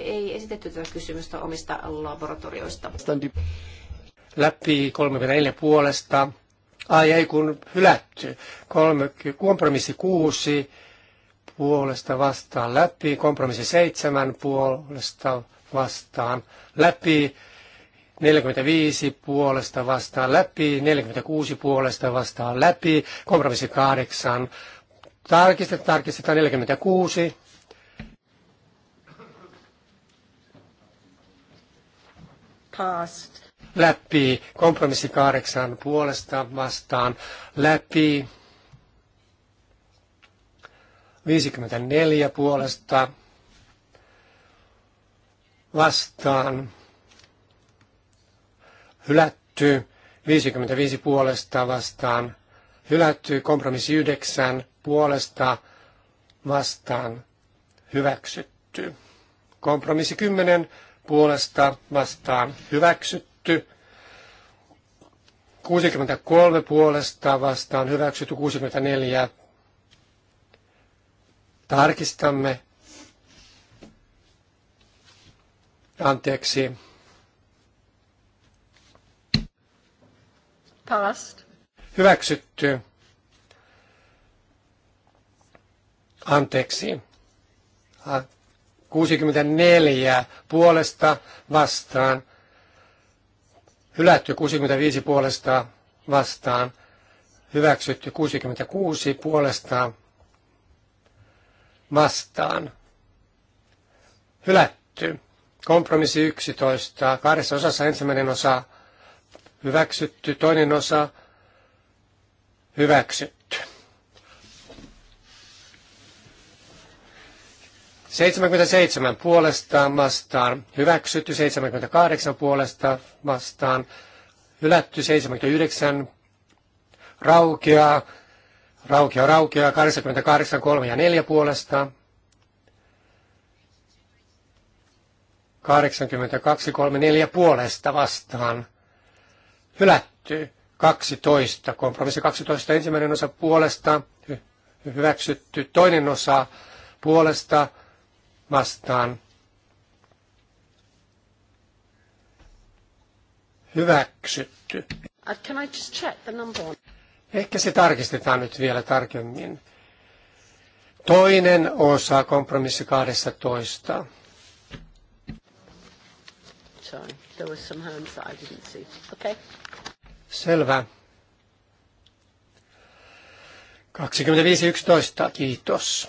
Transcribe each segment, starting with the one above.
ei esitetty tätä kysymystä omista laboratorioista. Läpi 34 puolesta. Ai ei kun hylätty. Kolme, kompromissi 6 puolesta vastaan läpi. Kompromissi 7 puolesta vastaan läpi. 45 puolesta vastaan läpi, 46 puolesta vastaan läpi, kompromissi 8, tarkistetaan, tarkistetaan 46, passed. Läpi kompromissi kahdeksan puolesta vastaan. Läpi 54 puolesta vastaan. Hylätty 55 puolesta vastaan. Hylätty kompromissi yhdeksän puolesta vastaan hyväksytty. Kompromissi 10 puolesta vastaan hyväksytty. 63 puolesta vastaan hyväksytty 64. Tarkistamme. Anteeksi. Past. Hyväksytty. Anteeksi. 64 puolesta vastaan, hylätty 65 puolesta vastaan, hyväksytty 66 puolesta vastaan, hylätty. Kompromissi 11, kahdessa osassa ensimmäinen osa hyväksytty, toinen osa hyväksytty. 77 puolestaan vastaan, hyväksytty 78 puolesta vastaan, hylätty 79, raukea, raukea, raukea, 88, 3 ja 4 puolesta, 82, 3, 4 puolesta vastaan, hylätty 12, kompromissi 12, ensimmäinen osa puolesta, hy- hyväksytty toinen osa puolesta, vastaan hyväksytty. Uh, can I just check the number on? Ehkä se tarkistetaan nyt vielä tarkemmin. Toinen osa kompromissi 12. Sorry, there was some hands that I didn't see. Okay. Selvä. 25.11. Kiitos.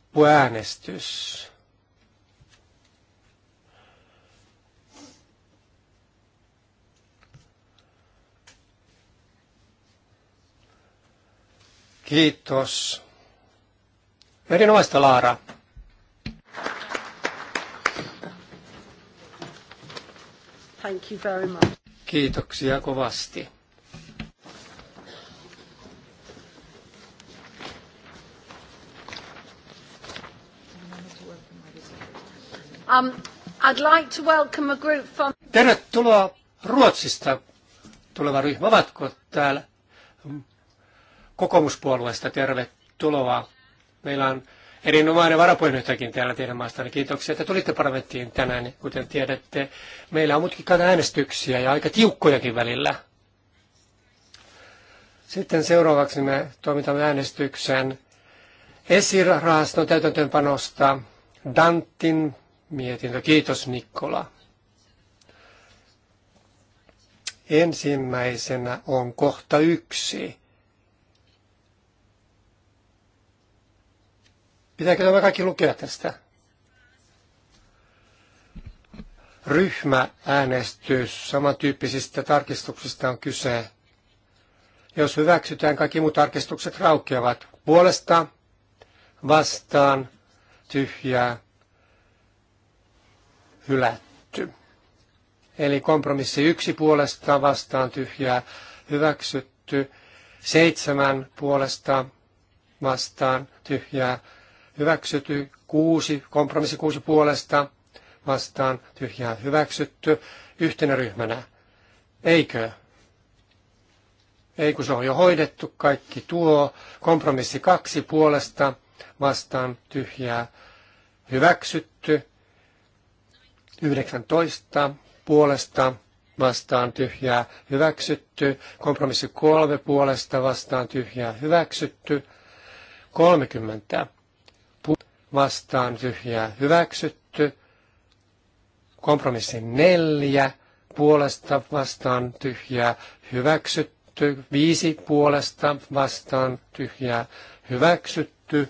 loppuäänestys. Kiitos. Erinomaista, Laara. Thank you very much. Kiitoksia kovasti. Um, I'd like to welcome a group from... Tervetuloa Ruotsista tuleva ryhmä. Ovatko täällä kokoomuspuolueesta? Tervetuloa. Meillä on erinomainen varapuheenjohtajakin täällä teidän maastanne. Kiitoksia, että tulitte parlamenttiin tänään. Kuten tiedätte, meillä on mutkikkaita äänestyksiä ja aika tiukkojakin välillä. Sitten seuraavaksi me toimitamme äänestyksen esirahaston täytäntöönpanosta Dantin mietintö. Kiitos Nikkola. Ensimmäisenä on kohta yksi. Pitääkö tämä kaikki lukea tästä? Ryhmääänestys samantyyppisistä tarkistuksista on kyse. Jos hyväksytään, kaikki muut tarkistukset raukeavat. Puolesta, vastaan, tyhjää, hylätty. Eli kompromissi yksi puolesta vastaan tyhjää hyväksytty, seitsemän puolesta vastaan tyhjää hyväksytty, kuusi, kompromissi kuusi puolesta vastaan tyhjää hyväksytty yhtenä ryhmänä. Eikö? Ei kun se on jo hoidettu kaikki tuo. Kompromissi kaksi puolesta vastaan tyhjää hyväksytty. 19 puolesta vastaan tyhjää hyväksytty. Kompromissi 3 puolesta vastaan tyhjää hyväksytty. 30 vastaan tyhjää hyväksytty. Kompromissi 4 puolesta vastaan tyhjää hyväksytty. 5 puolesta vastaan tyhjää hyväksytty.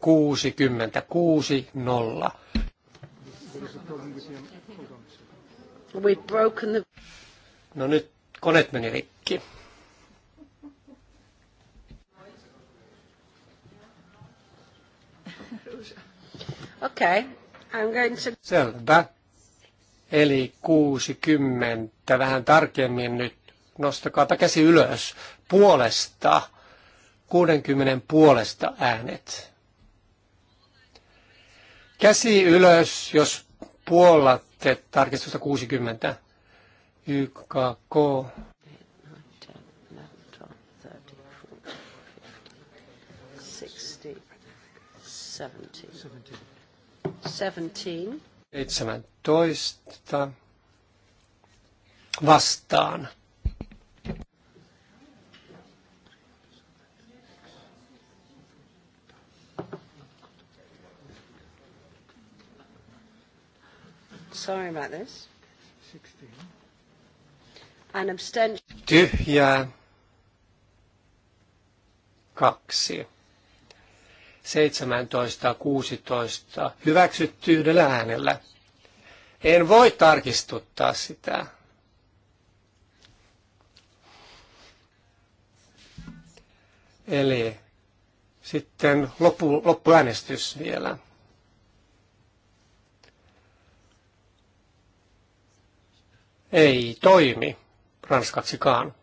60, the. No nyt koneet meni rikki. Okay, I'm going to... Selvä. Eli 60 vähän tarkemmin nyt. Nostakaa käsi ylös. Puolesta. 60 puolesta äänet. Käsi ylös, jos puollatte tarkistusta 60. YKK. Seventeen. Seitsemäntoista vastaan Sorry about this. 16. An abstention. Tyhjää. Kaksi. 17.16. Hyväksytty yhdellä äänellä. En voi tarkistuttaa sitä. Eli sitten loppu, loppuäänestys vielä. ei toimi ranskaksikaan.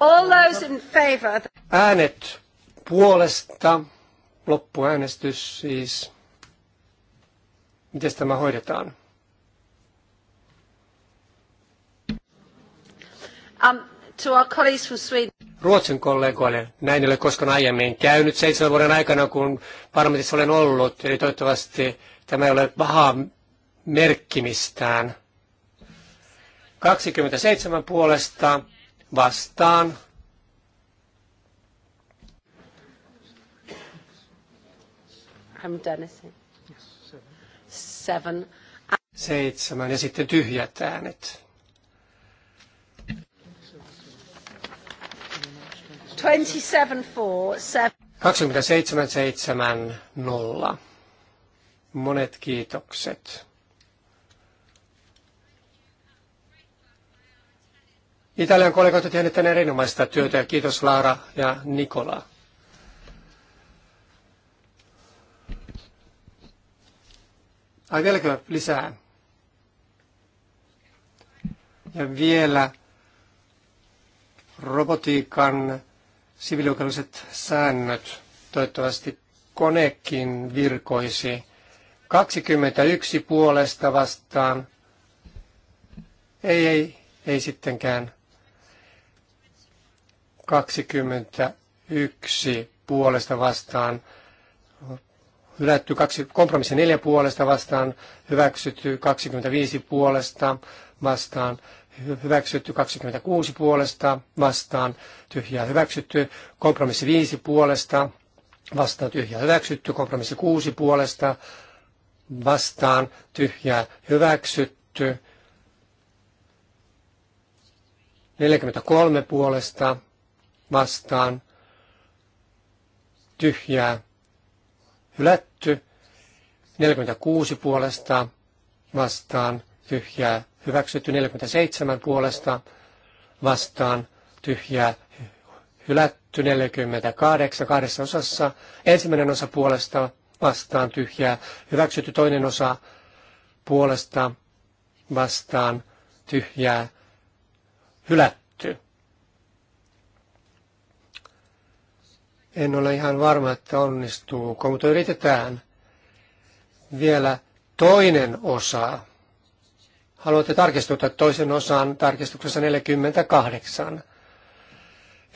All those in favor. Äänet puolesta, loppuäänestys siis. Miten tämä hoidetaan? Um, to our colleagues from Sweden. Ruotsin kollegoille. Näin ei ole koskaan aiemmin käynyt seitsemän vuoden aikana, kun parlamentissa olen ollut. Eli toivottavasti tämä ei ole pahaa merkkimistään. 27 puolesta vastaan. I'm Seven. Seitsemän ja sitten tyhjät äänet. 27.7.0. Monet kiitokset. Italian kollegat ovat tehneet tänne erinomaista työtä ja kiitos Laara ja Nikola. Ai vieläkö lisää? Ja vielä robotiikan siviilioikeudelliset säännöt. Toivottavasti konekin virkoisi. 21 puolesta vastaan. Ei, ei, ei sittenkään. 21 puolesta vastaan. Hylätty kaksi, kompromissi 4 puolesta vastaan. Hyväksytty 25 puolesta vastaan hyväksytty 26 puolesta vastaan, tyhjää hyväksytty, kompromissi 5 puolesta vastaan, tyhjää hyväksytty, kompromissi 6 puolesta vastaan, tyhjää hyväksytty, 43 puolesta vastaan, tyhjää hylätty, 46 puolesta vastaan, tyhjää hyväksytty 47 puolesta vastaan tyhjää hylätty 48 kahdessa osassa. Ensimmäinen osa puolesta vastaan tyhjää hyväksytty toinen osa puolesta vastaan tyhjää hylätty. En ole ihan varma, että onnistuuko, mutta yritetään vielä toinen osa haluatte tarkistuta toisen osan tarkistuksessa 48.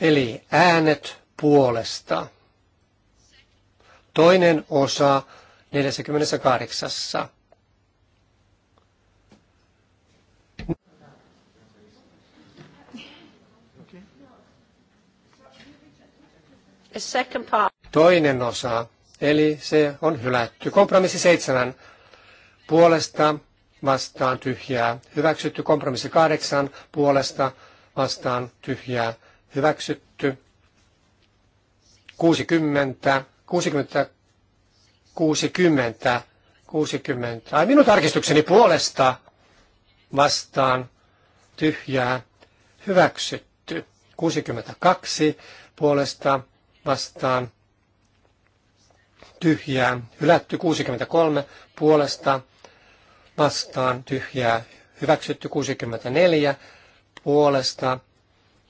Eli äänet puolesta. Toinen osa 48. Toinen osa, eli se on hylätty. Kompromissi seitsemän puolesta vastaan tyhjää, hyväksytty. Kompromissi kahdeksan puolesta vastaan tyhjää, hyväksytty. 60, 60, 60, 60. Ai minun tarkistukseni puolesta vastaan tyhjää, hyväksytty. 62 puolesta vastaan tyhjää, hylätty 63 puolesta vastaan tyhjää hyväksytty 64 puolesta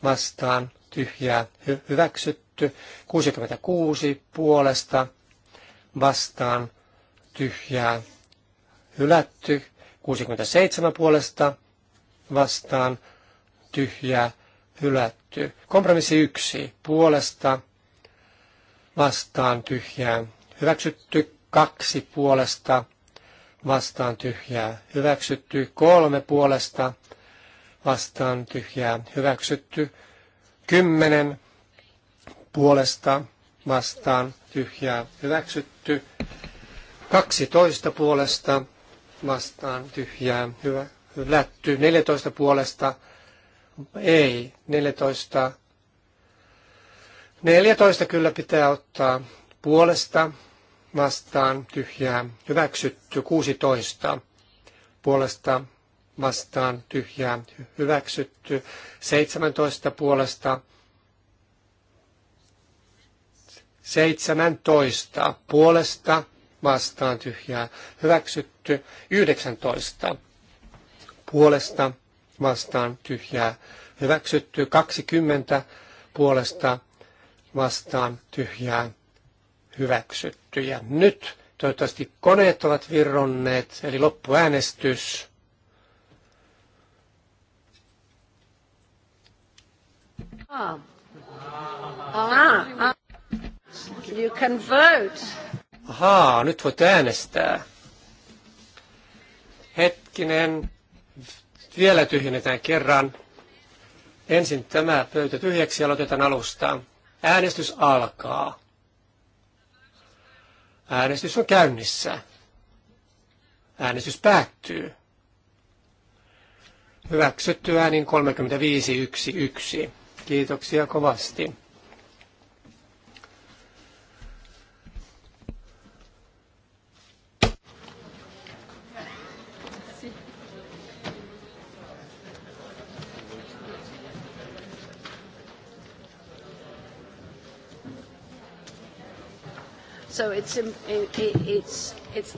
vastaan tyhjää hy- hyväksytty 66 puolesta vastaan tyhjää hylätty 67 puolesta vastaan tyhjää hylätty. Kompromissi 1 puolesta vastaan tyhjää hyväksytty 2 puolesta vastaan tyhjää hyväksytty, kolme puolesta vastaan tyhjää hyväksytty, kymmenen puolesta vastaan tyhjää hyväksytty, kaksitoista puolesta vastaan tyhjää hyvä, hylätty, neljätoista puolesta ei, neljätoista, neljätoista kyllä pitää ottaa puolesta vastaan tyhjää hyväksytty 16 puolesta vastaan tyhjää hyväksytty 17 puolesta 17 puolesta vastaan tyhjää hyväksytty 19 puolesta vastaan tyhjää hyväksytty 20 puolesta vastaan tyhjää hyväksytty. Ja nyt toivottavasti koneet ovat virronneet, eli loppuäänestys. Aha, ah. You can vote. Ahaa, nyt voit äänestää. Hetkinen, vielä tyhjennetään kerran. Ensin tämä pöytä tyhjäksi aloitetaan alusta. Äänestys alkaa. Äänestys on käynnissä. Äänestys päättyy. Hyväksytty äänin 35.1.1. Kiitoksia kovasti. So it's, it's, it's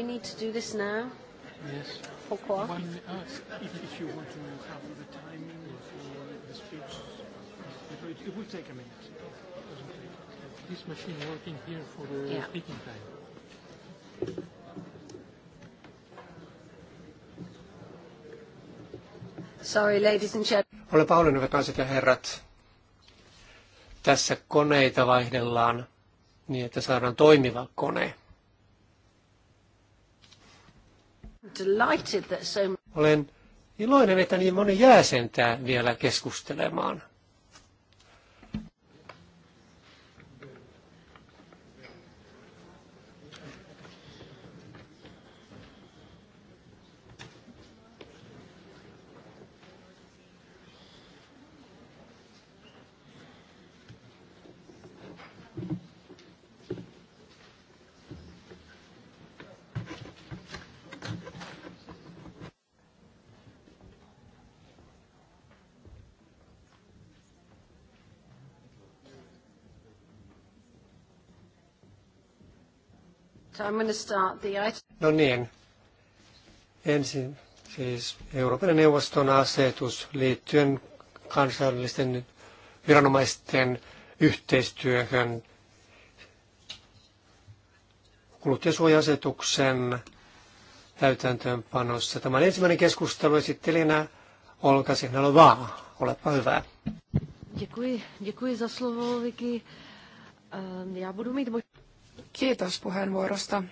we need to do this now? Yes. Pourquoi? One, uh, if, if you want to have the timing for the speech, it, it will take a minute. Take. This machine working here for the yeah. speaking time. Sorry, ladies and gentlemen. Ole Paulin, hyvät naiset ja herrat. Tässä koneita vaihdellaan niin, että saadaan toimiva kone. Olen iloinen, että niin moni jää sentään vielä keskustelemaan. I'm going to start the item. No niin. Ensin siis Euroopan neuvoston asetus liittyen kansallisten viranomaisten yhteistyöhön kuluttajasuoja-asetuksen täytäntöönpanossa. Tämä on ensimmäinen keskustelu esittelijänä Olka Sihnalovaa. Olepa hyvä. Děkuji, děkuji za slovo, Vicky. Ehm, já budu mít Kiitos puheenvuorosta.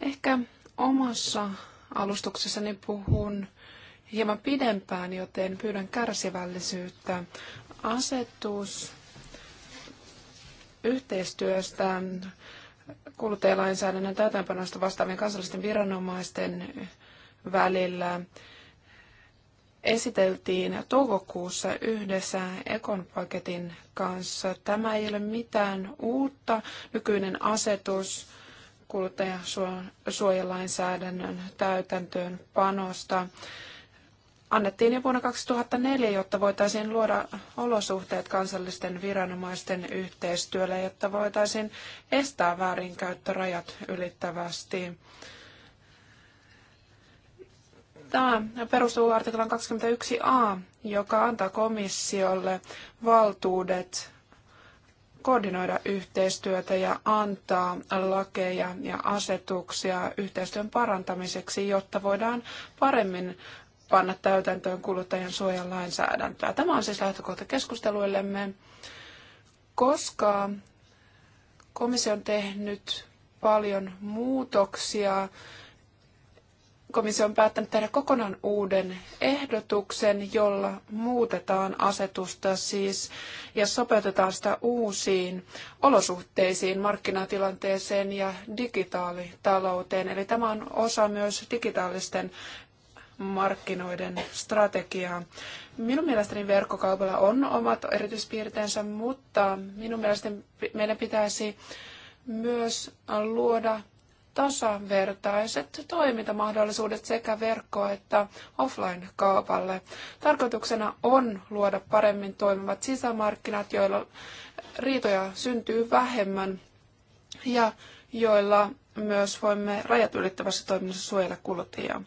Ehkä omassa alustuksessani puhun hieman pidempään, joten pyydän kärsivällisyyttä. Asetus yhteistyöstä kuluttajalainsäädännön täytäntöönpanosta vastaavien kansallisten viranomaisten välillä esiteltiin toukokuussa yhdessä ekonpaketin paketin kanssa. Tämä ei ole mitään uutta. Nykyinen asetus kuluttajasuojalainsäädännön täytäntöön panosta annettiin jo vuonna 2004, jotta voitaisiin luoda olosuhteet kansallisten viranomaisten yhteistyölle, jotta voitaisiin estää väärinkäyttörajat ylittävästi. Tämä perustuu artiklan 21a, joka antaa komissiolle valtuudet koordinoida yhteistyötä ja antaa lakeja ja asetuksia yhteistyön parantamiseksi, jotta voidaan paremmin panna täytäntöön kuluttajan suojan lainsäädäntöä. Tämä on siis lähtökohta keskusteluillemme, koska komissio on tehnyt paljon muutoksia komissio on päättänyt tehdä kokonaan uuden ehdotuksen, jolla muutetaan asetusta siis ja sopeutetaan sitä uusiin olosuhteisiin, markkinatilanteeseen ja digitaalitalouteen. Eli tämä on osa myös digitaalisten markkinoiden strategiaa. Minun mielestäni verkkokaupalla on omat erityispiirteensä, mutta minun mielestäni meidän pitäisi myös luoda tasavertaiset toimintamahdollisuudet sekä verkko- että offline-kaupalle. Tarkoituksena on luoda paremmin toimivat sisämarkkinat, joilla riitoja syntyy vähemmän ja joilla myös voimme rajat ylittävässä toiminnassa suojella kuluttajia.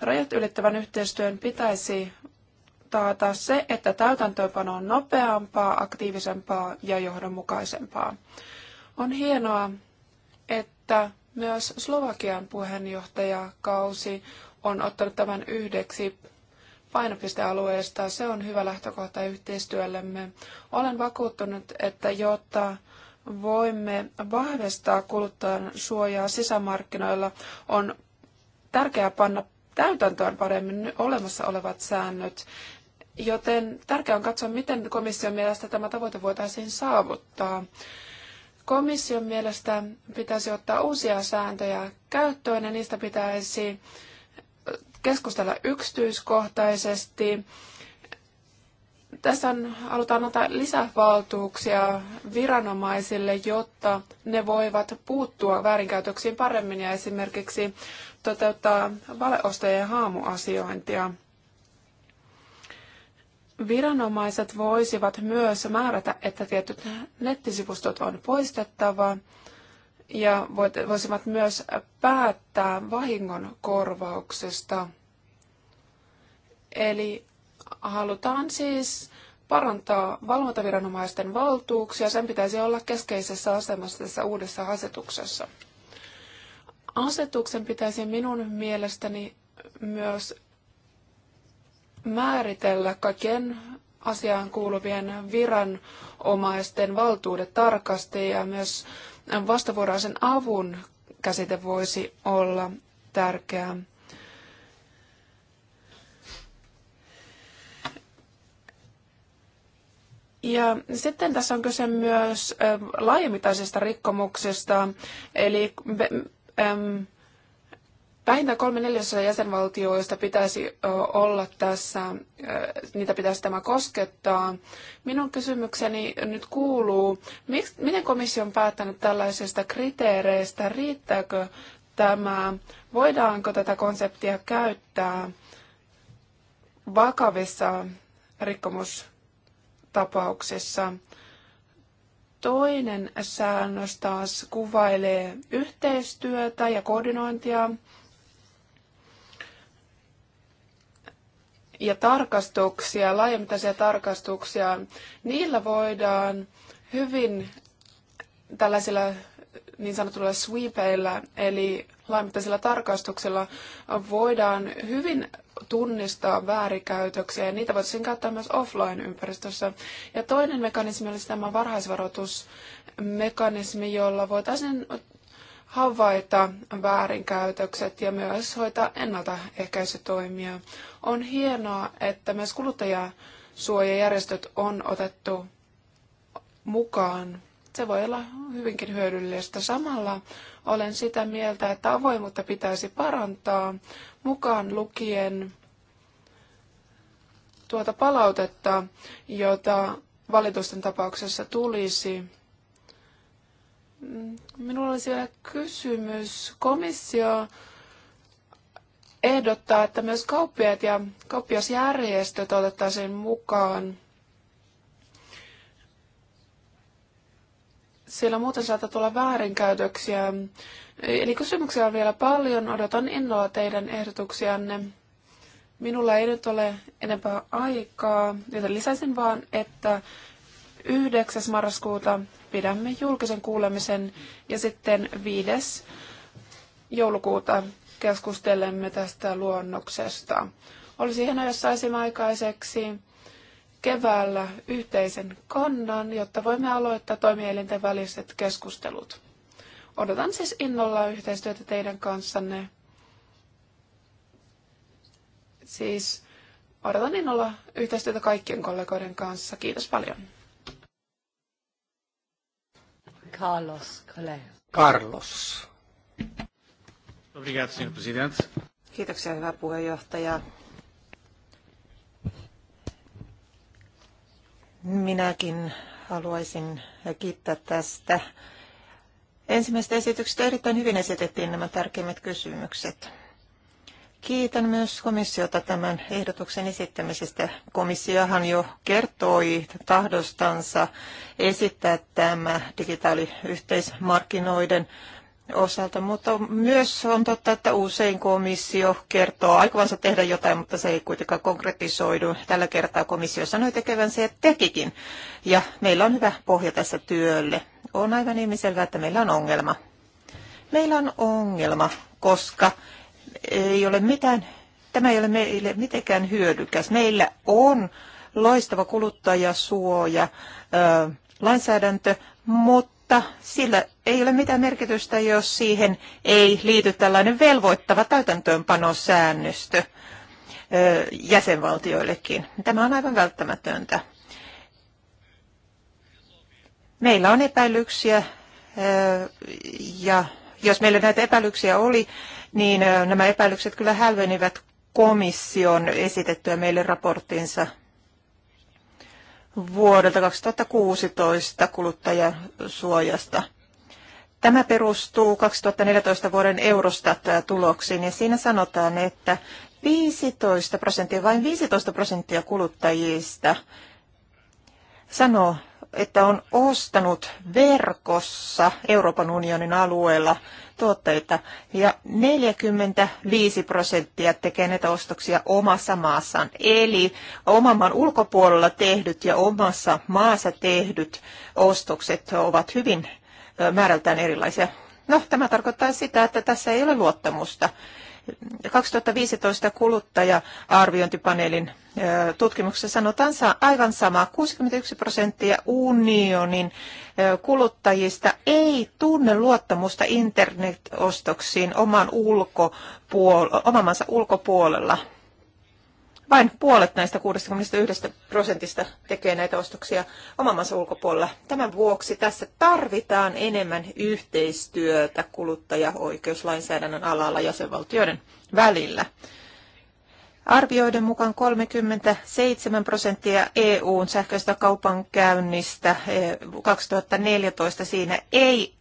Rajat ylittävän yhteistyön pitäisi taata se, että täytäntöönpano on nopeampaa, aktiivisempaa ja johdonmukaisempaa. On hienoa, että myös Slovakian puheenjohtajakausi on ottanut tämän yhdeksi painopistealueesta. Se on hyvä lähtökohta yhteistyöllemme. Olen vakuuttunut, että jotta voimme vahvistaa kuluttajan suojaa sisämarkkinoilla, on tärkeää panna täytäntöön paremmin olemassa olevat säännöt. Joten tärkeää on katsoa, miten komission mielestä tämä tavoite voitaisiin saavuttaa. Komission mielestä pitäisi ottaa uusia sääntöjä käyttöön ja niistä pitäisi keskustella yksityiskohtaisesti. Tässä on, halutaan antaa lisävaltuuksia viranomaisille, jotta ne voivat puuttua väärinkäytöksiin paremmin ja esimerkiksi toteuttaa valeostajien haamuasiointia. Viranomaiset voisivat myös määrätä, että tietyt nettisivustot on poistettava ja voisivat myös päättää vahingon korvauksesta. Eli halutaan siis parantaa valvontaviranomaisten valtuuksia. Sen pitäisi olla keskeisessä asemassa tässä uudessa asetuksessa. Asetuksen pitäisi minun mielestäni myös määritellä kaikkien asiaan kuuluvien viranomaisten valtuudet tarkasti ja myös vastavuoroisen avun käsite voisi olla tärkeää. Ja sitten tässä on kyse myös laajamittaisista rikkomuksista, eli Vähintään kolme neljäsosa jäsenvaltioista pitäisi olla tässä, niitä pitäisi tämä koskettaa. Minun kysymykseni nyt kuuluu, miksi, miten komissio on päättänyt tällaisista kriteereistä, riittääkö tämä, voidaanko tätä konseptia käyttää vakavissa rikkomustapauksissa. Toinen säännös taas kuvailee yhteistyötä ja koordinointia ja tarkastuksia, laajamittaisia tarkastuksia, niillä voidaan hyvin tällaisilla niin sanotulla sweepeillä, eli laajamittaisilla tarkastuksilla voidaan hyvin tunnistaa väärikäytöksiä ja niitä voitaisiin käyttää myös offline-ympäristössä. Ja toinen mekanismi olisi tämä varhaisvaroitusmekanismi, jolla voitaisiin havaita väärinkäytökset ja myös hoitaa ennaltaehkäisytoimia. On hienoa, että myös kuluttajasuojajärjestöt on otettu mukaan. Se voi olla hyvinkin hyödyllistä. Samalla olen sitä mieltä, että avoimuutta pitäisi parantaa mukaan lukien tuota palautetta, jota valitusten tapauksessa tulisi Minulla olisi vielä kysymys. Komissio ehdottaa, että myös kauppiaat ja kauppiasjärjestöt otettaisiin mukaan. Sillä muuten saattaa tulla väärinkäytöksiä. Eli kysymyksiä on vielä paljon. Odotan innolla teidän ehdotuksianne. Minulla ei nyt ole enempää aikaa, joten lisäisin vaan, että 9. marraskuuta pidämme julkisen kuulemisen ja sitten 5. joulukuuta keskustelemme tästä luonnoksesta. Olisi hienoa, jos saisimme aikaiseksi keväällä yhteisen kannan, jotta voimme aloittaa toimielinten väliset keskustelut. Odotan siis innolla yhteistyötä teidän kanssanne. Siis odotan innolla yhteistyötä kaikkien kollegoiden kanssa. Kiitos paljon. Carlos Kole. Carlos. Kiitoksia, hyvä puheenjohtaja. Minäkin haluaisin kiittää tästä ensimmäisestä esityksestä. Erittäin hyvin esitettiin nämä tärkeimmät kysymykset. Kiitän myös komissiota tämän ehdotuksen esittämisestä. Komissiohan jo kertoi tahdostansa esittää tämä digitaaliyhteismarkkinoiden osalta, mutta myös on totta, että usein komissio kertoo aikovansa tehdä jotain, mutta se ei kuitenkaan konkretisoidu. Tällä kertaa komissio sanoi tekevän ja tekikin. Ja meillä on hyvä pohja tässä työlle. On aivan ihmiselvää, että meillä on ongelma. Meillä on ongelma, koska ei ole mitään, tämä ei ole meille mitenkään hyödykäs. Meillä on loistava kuluttajasuoja, lainsäädäntö, mutta sillä ei ole mitään merkitystä, jos siihen ei liity tällainen velvoittava täytäntöönpanosäännöstö jäsenvaltioillekin. Tämä on aivan välttämätöntä. Meillä on epäilyksiä ja jos meillä näitä epäilyksiä oli niin nämä epäilykset kyllä hälvenivät komission esitettyä meille raporttinsa vuodelta 2016 kuluttajasuojasta. Tämä perustuu 2014 vuoden Eurostat-tuloksiin ja siinä sanotaan, että 15 prosenttia, vain 15 prosenttia kuluttajista sanoo, että on ostanut verkossa Euroopan unionin alueella tuotteita ja 45 prosenttia tekee näitä ostoksia omassa maassaan. Eli oman maan ulkopuolella tehdyt ja omassa maassa tehdyt ostokset ovat hyvin määrältään erilaisia. No, tämä tarkoittaa sitä, että tässä ei ole luottamusta. 2015 kuluttaja-arviointipaneelin tutkimuksessa sanotaan aivan sama. 61 prosenttia unionin kuluttajista ei tunne luottamusta internetostoksiin oman ulkopuol- ulkopuolella. Vain puolet näistä 61 prosentista tekee näitä ostoksia oman maansa ulkopuolella. Tämän vuoksi tässä tarvitaan enemmän yhteistyötä kuluttajaoikeuslainsäädännön alalla jäsenvaltioiden välillä. Arvioiden mukaan 37 prosenttia EUn sähköistä kaupankäynnistä 2014 e, siinä ei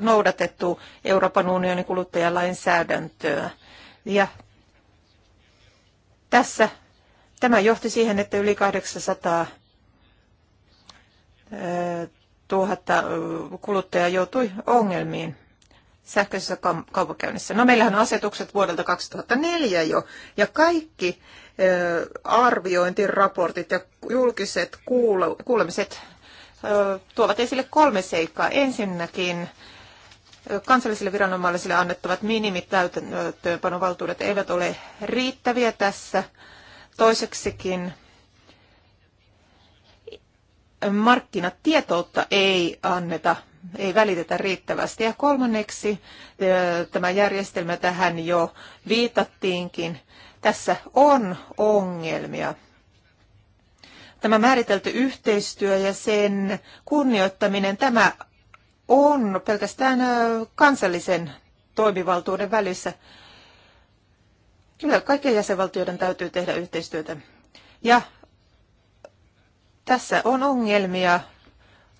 noudatettu Euroopan unionin kuluttajalainsäädäntöä. Ja tässä tämä johti siihen, että yli 800 000 kuluttajaa joutui ongelmiin sähköisessä kaupankäynnissä. No meillähän on asetukset vuodelta 2004 jo, ja kaikki arviointiraportit ja julkiset kuulemiset tuovat esille kolme seikkaa. Ensinnäkin kansallisille viranomaisille annettavat minimitäytäntöönpanovaltuudet eivät ole riittäviä tässä. Toiseksikin markkinatietoutta ei anneta, ei välitetä riittävästi. Ja kolmanneksi tämä järjestelmä tähän jo viitattiinkin. Tässä on ongelmia. Tämä määritelty yhteistyö ja sen kunnioittaminen, tämä on pelkästään kansallisen toimivaltuuden välissä. Kyllä kaikkien jäsenvaltioiden täytyy tehdä yhteistyötä. Ja tässä on ongelmia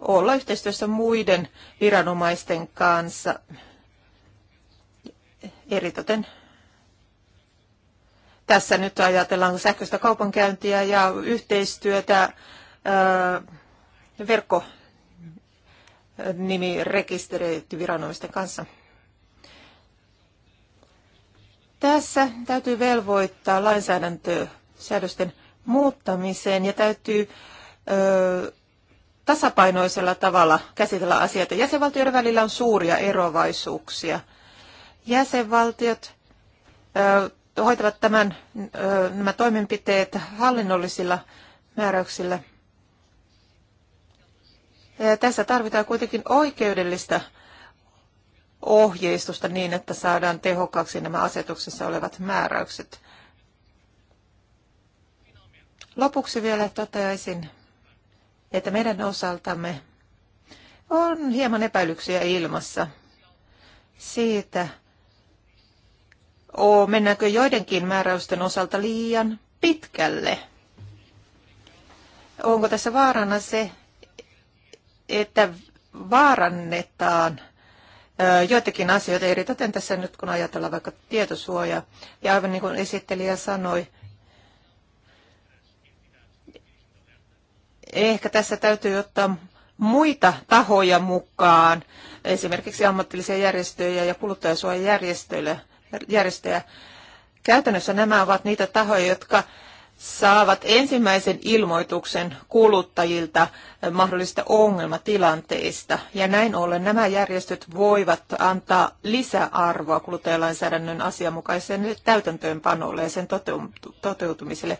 olla yhteistyössä muiden viranomaisten kanssa, eritoten tässä nyt ajatellaan sähköistä kaupankäyntiä ja yhteistyötä verkko, nimi rekisteröity viranomaisten kanssa. Tässä täytyy velvoittaa lainsäädäntöä säädösten muuttamiseen ja täytyy ö, tasapainoisella tavalla käsitellä asioita. Jäsenvaltioiden välillä on suuria erovaisuuksia. Jäsenvaltiot ö, hoitavat tämän, ö, nämä toimenpiteet hallinnollisilla määräyksillä – tässä tarvitaan kuitenkin oikeudellista ohjeistusta niin, että saadaan tehokkaaksi nämä asetuksessa olevat määräykset. Lopuksi vielä toteaisin, että meidän osaltamme on hieman epäilyksiä ilmassa siitä, o mennäänkö joidenkin määräysten osalta liian pitkälle. Onko tässä vaarana se, että vaarannetaan joitakin asioita, eritoten tässä nyt kun ajatellaan vaikka tietosuojaa, ja aivan niin kuin esittelijä sanoi, ehkä tässä täytyy ottaa muita tahoja mukaan, esimerkiksi ammatillisia järjestöjä ja kuluttajasuojajärjestöjä. Käytännössä nämä ovat niitä tahoja, jotka saavat ensimmäisen ilmoituksen kuluttajilta eh, mahdollisista ongelmatilanteista. Ja näin ollen nämä järjestöt voivat antaa lisäarvoa kuluttajalainsäädännön asianmukaiselle täytäntöönpanolle ja sen toteutumiselle.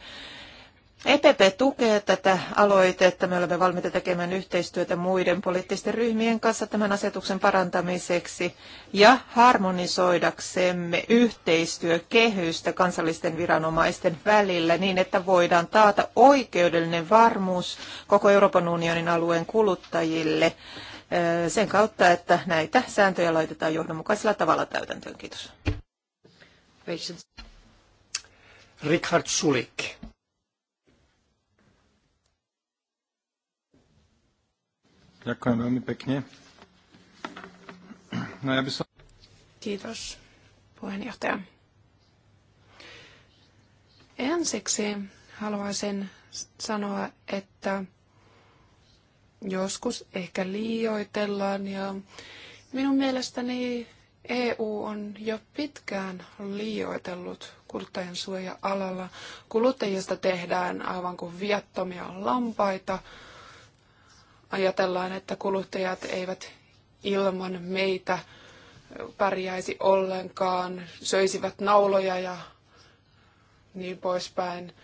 EPP tukee tätä aloitetta. Me olemme valmiita tekemään yhteistyötä muiden poliittisten ryhmien kanssa tämän asetuksen parantamiseksi ja harmonisoidaksemme yhteistyökehystä kansallisten viranomaisten välillä niin, että voidaan taata oikeudellinen varmuus koko Euroopan unionin alueen kuluttajille eh, sen kautta, että näitä sääntöjä laitetaan johdonmukaisella tavalla täytäntöön. Kiitos. Richard Sulik. Ďakujem veľmi pekne. No ja by som... Kiitos, puheenjohtaja. Ensiksi haluaisin sanoa, että joskus ehkä liioitellaan ja minun mielestäni EU on jo pitkään liioitellut kuluttajan suoja-alalla. Kuluttajista tehdään aivan kuin viattomia lampaita, ajatellaan, että kuluttajat eivät ilman meitä pärjäisi ollenkaan, söisivät nauloja ja niin poispäin.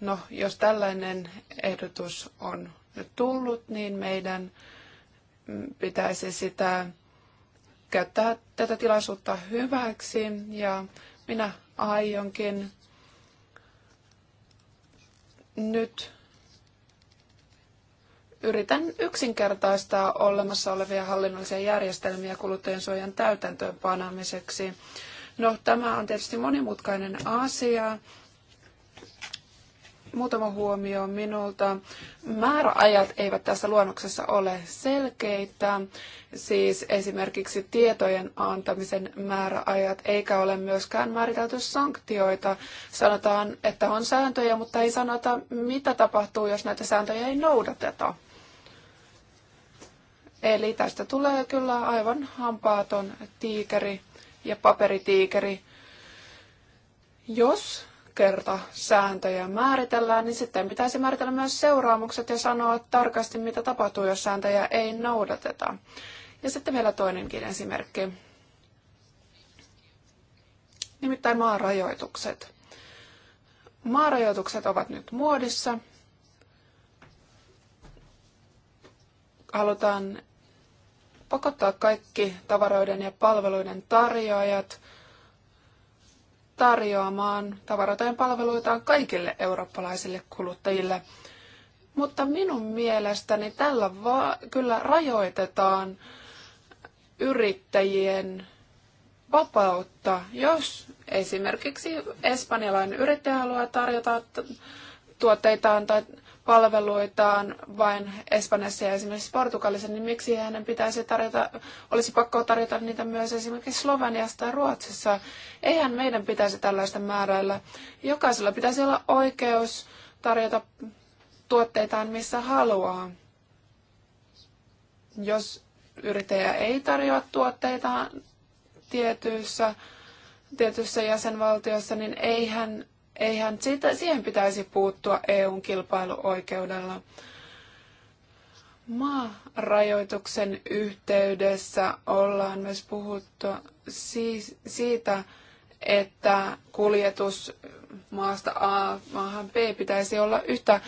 No, jos tällainen ehdotus on nyt tullut, niin meidän pitäisi sitä käyttää tätä tilaisuutta hyväksi ja minä aionkin nyt yritän yksinkertaistaa olemassa olevia hallinnollisia järjestelmiä kuluttajansuojan täytäntöönpanamiseksi. No, tämä on tietysti monimutkainen asia. Muutama huomio minulta. Määräajat eivät tässä luonnoksessa ole selkeitä, siis esimerkiksi tietojen antamisen määräajat, eikä ole myöskään määritelty sanktioita. Sanotaan, että on sääntöjä, mutta ei sanota, mitä tapahtuu, jos näitä sääntöjä ei noudateta. Eli tästä tulee kyllä aivan hampaaton tiikeri ja paperitiikeri. Jos kerta sääntöjä määritellään, niin sitten pitäisi määritellä myös seuraamukset ja sanoa tarkasti, mitä tapahtuu, jos sääntöjä ei noudateta. Ja sitten vielä toinenkin esimerkki. Nimittäin maarajoitukset. Maarajoitukset ovat nyt muodissa. Halutaan pakottaa kaikki tavaroiden ja palveluiden tarjoajat tarjoamaan tavaroita ja palveluitaan kaikille eurooppalaisille kuluttajille. Mutta minun mielestäni tällä va- kyllä rajoitetaan yrittäjien vapautta. Jos esimerkiksi espanjalainen yrittäjä haluaa tarjota tuotteitaan tai palveluitaan vain Espanjassa ja esimerkiksi Portugalissa, niin miksi hänen pitäisi tarjota, olisi pakko tarjota niitä myös esimerkiksi Sloveniasta tai Ruotsissa? Eihän meidän pitäisi tällaista määräillä. Jokaisella pitäisi olla oikeus tarjota tuotteitaan missä haluaa. Jos yrittäjä ei tarjoa tuotteitaan tietyissä, tietyissä jäsenvaltiossa, niin eihän Eihän siitä, siihen pitäisi puuttua EUn kilpailuoikeudella. Maarajoituksen yhteydessä ollaan myös puhuttu siis siitä, että kuljetus maasta A maahan B pitäisi olla yhtä,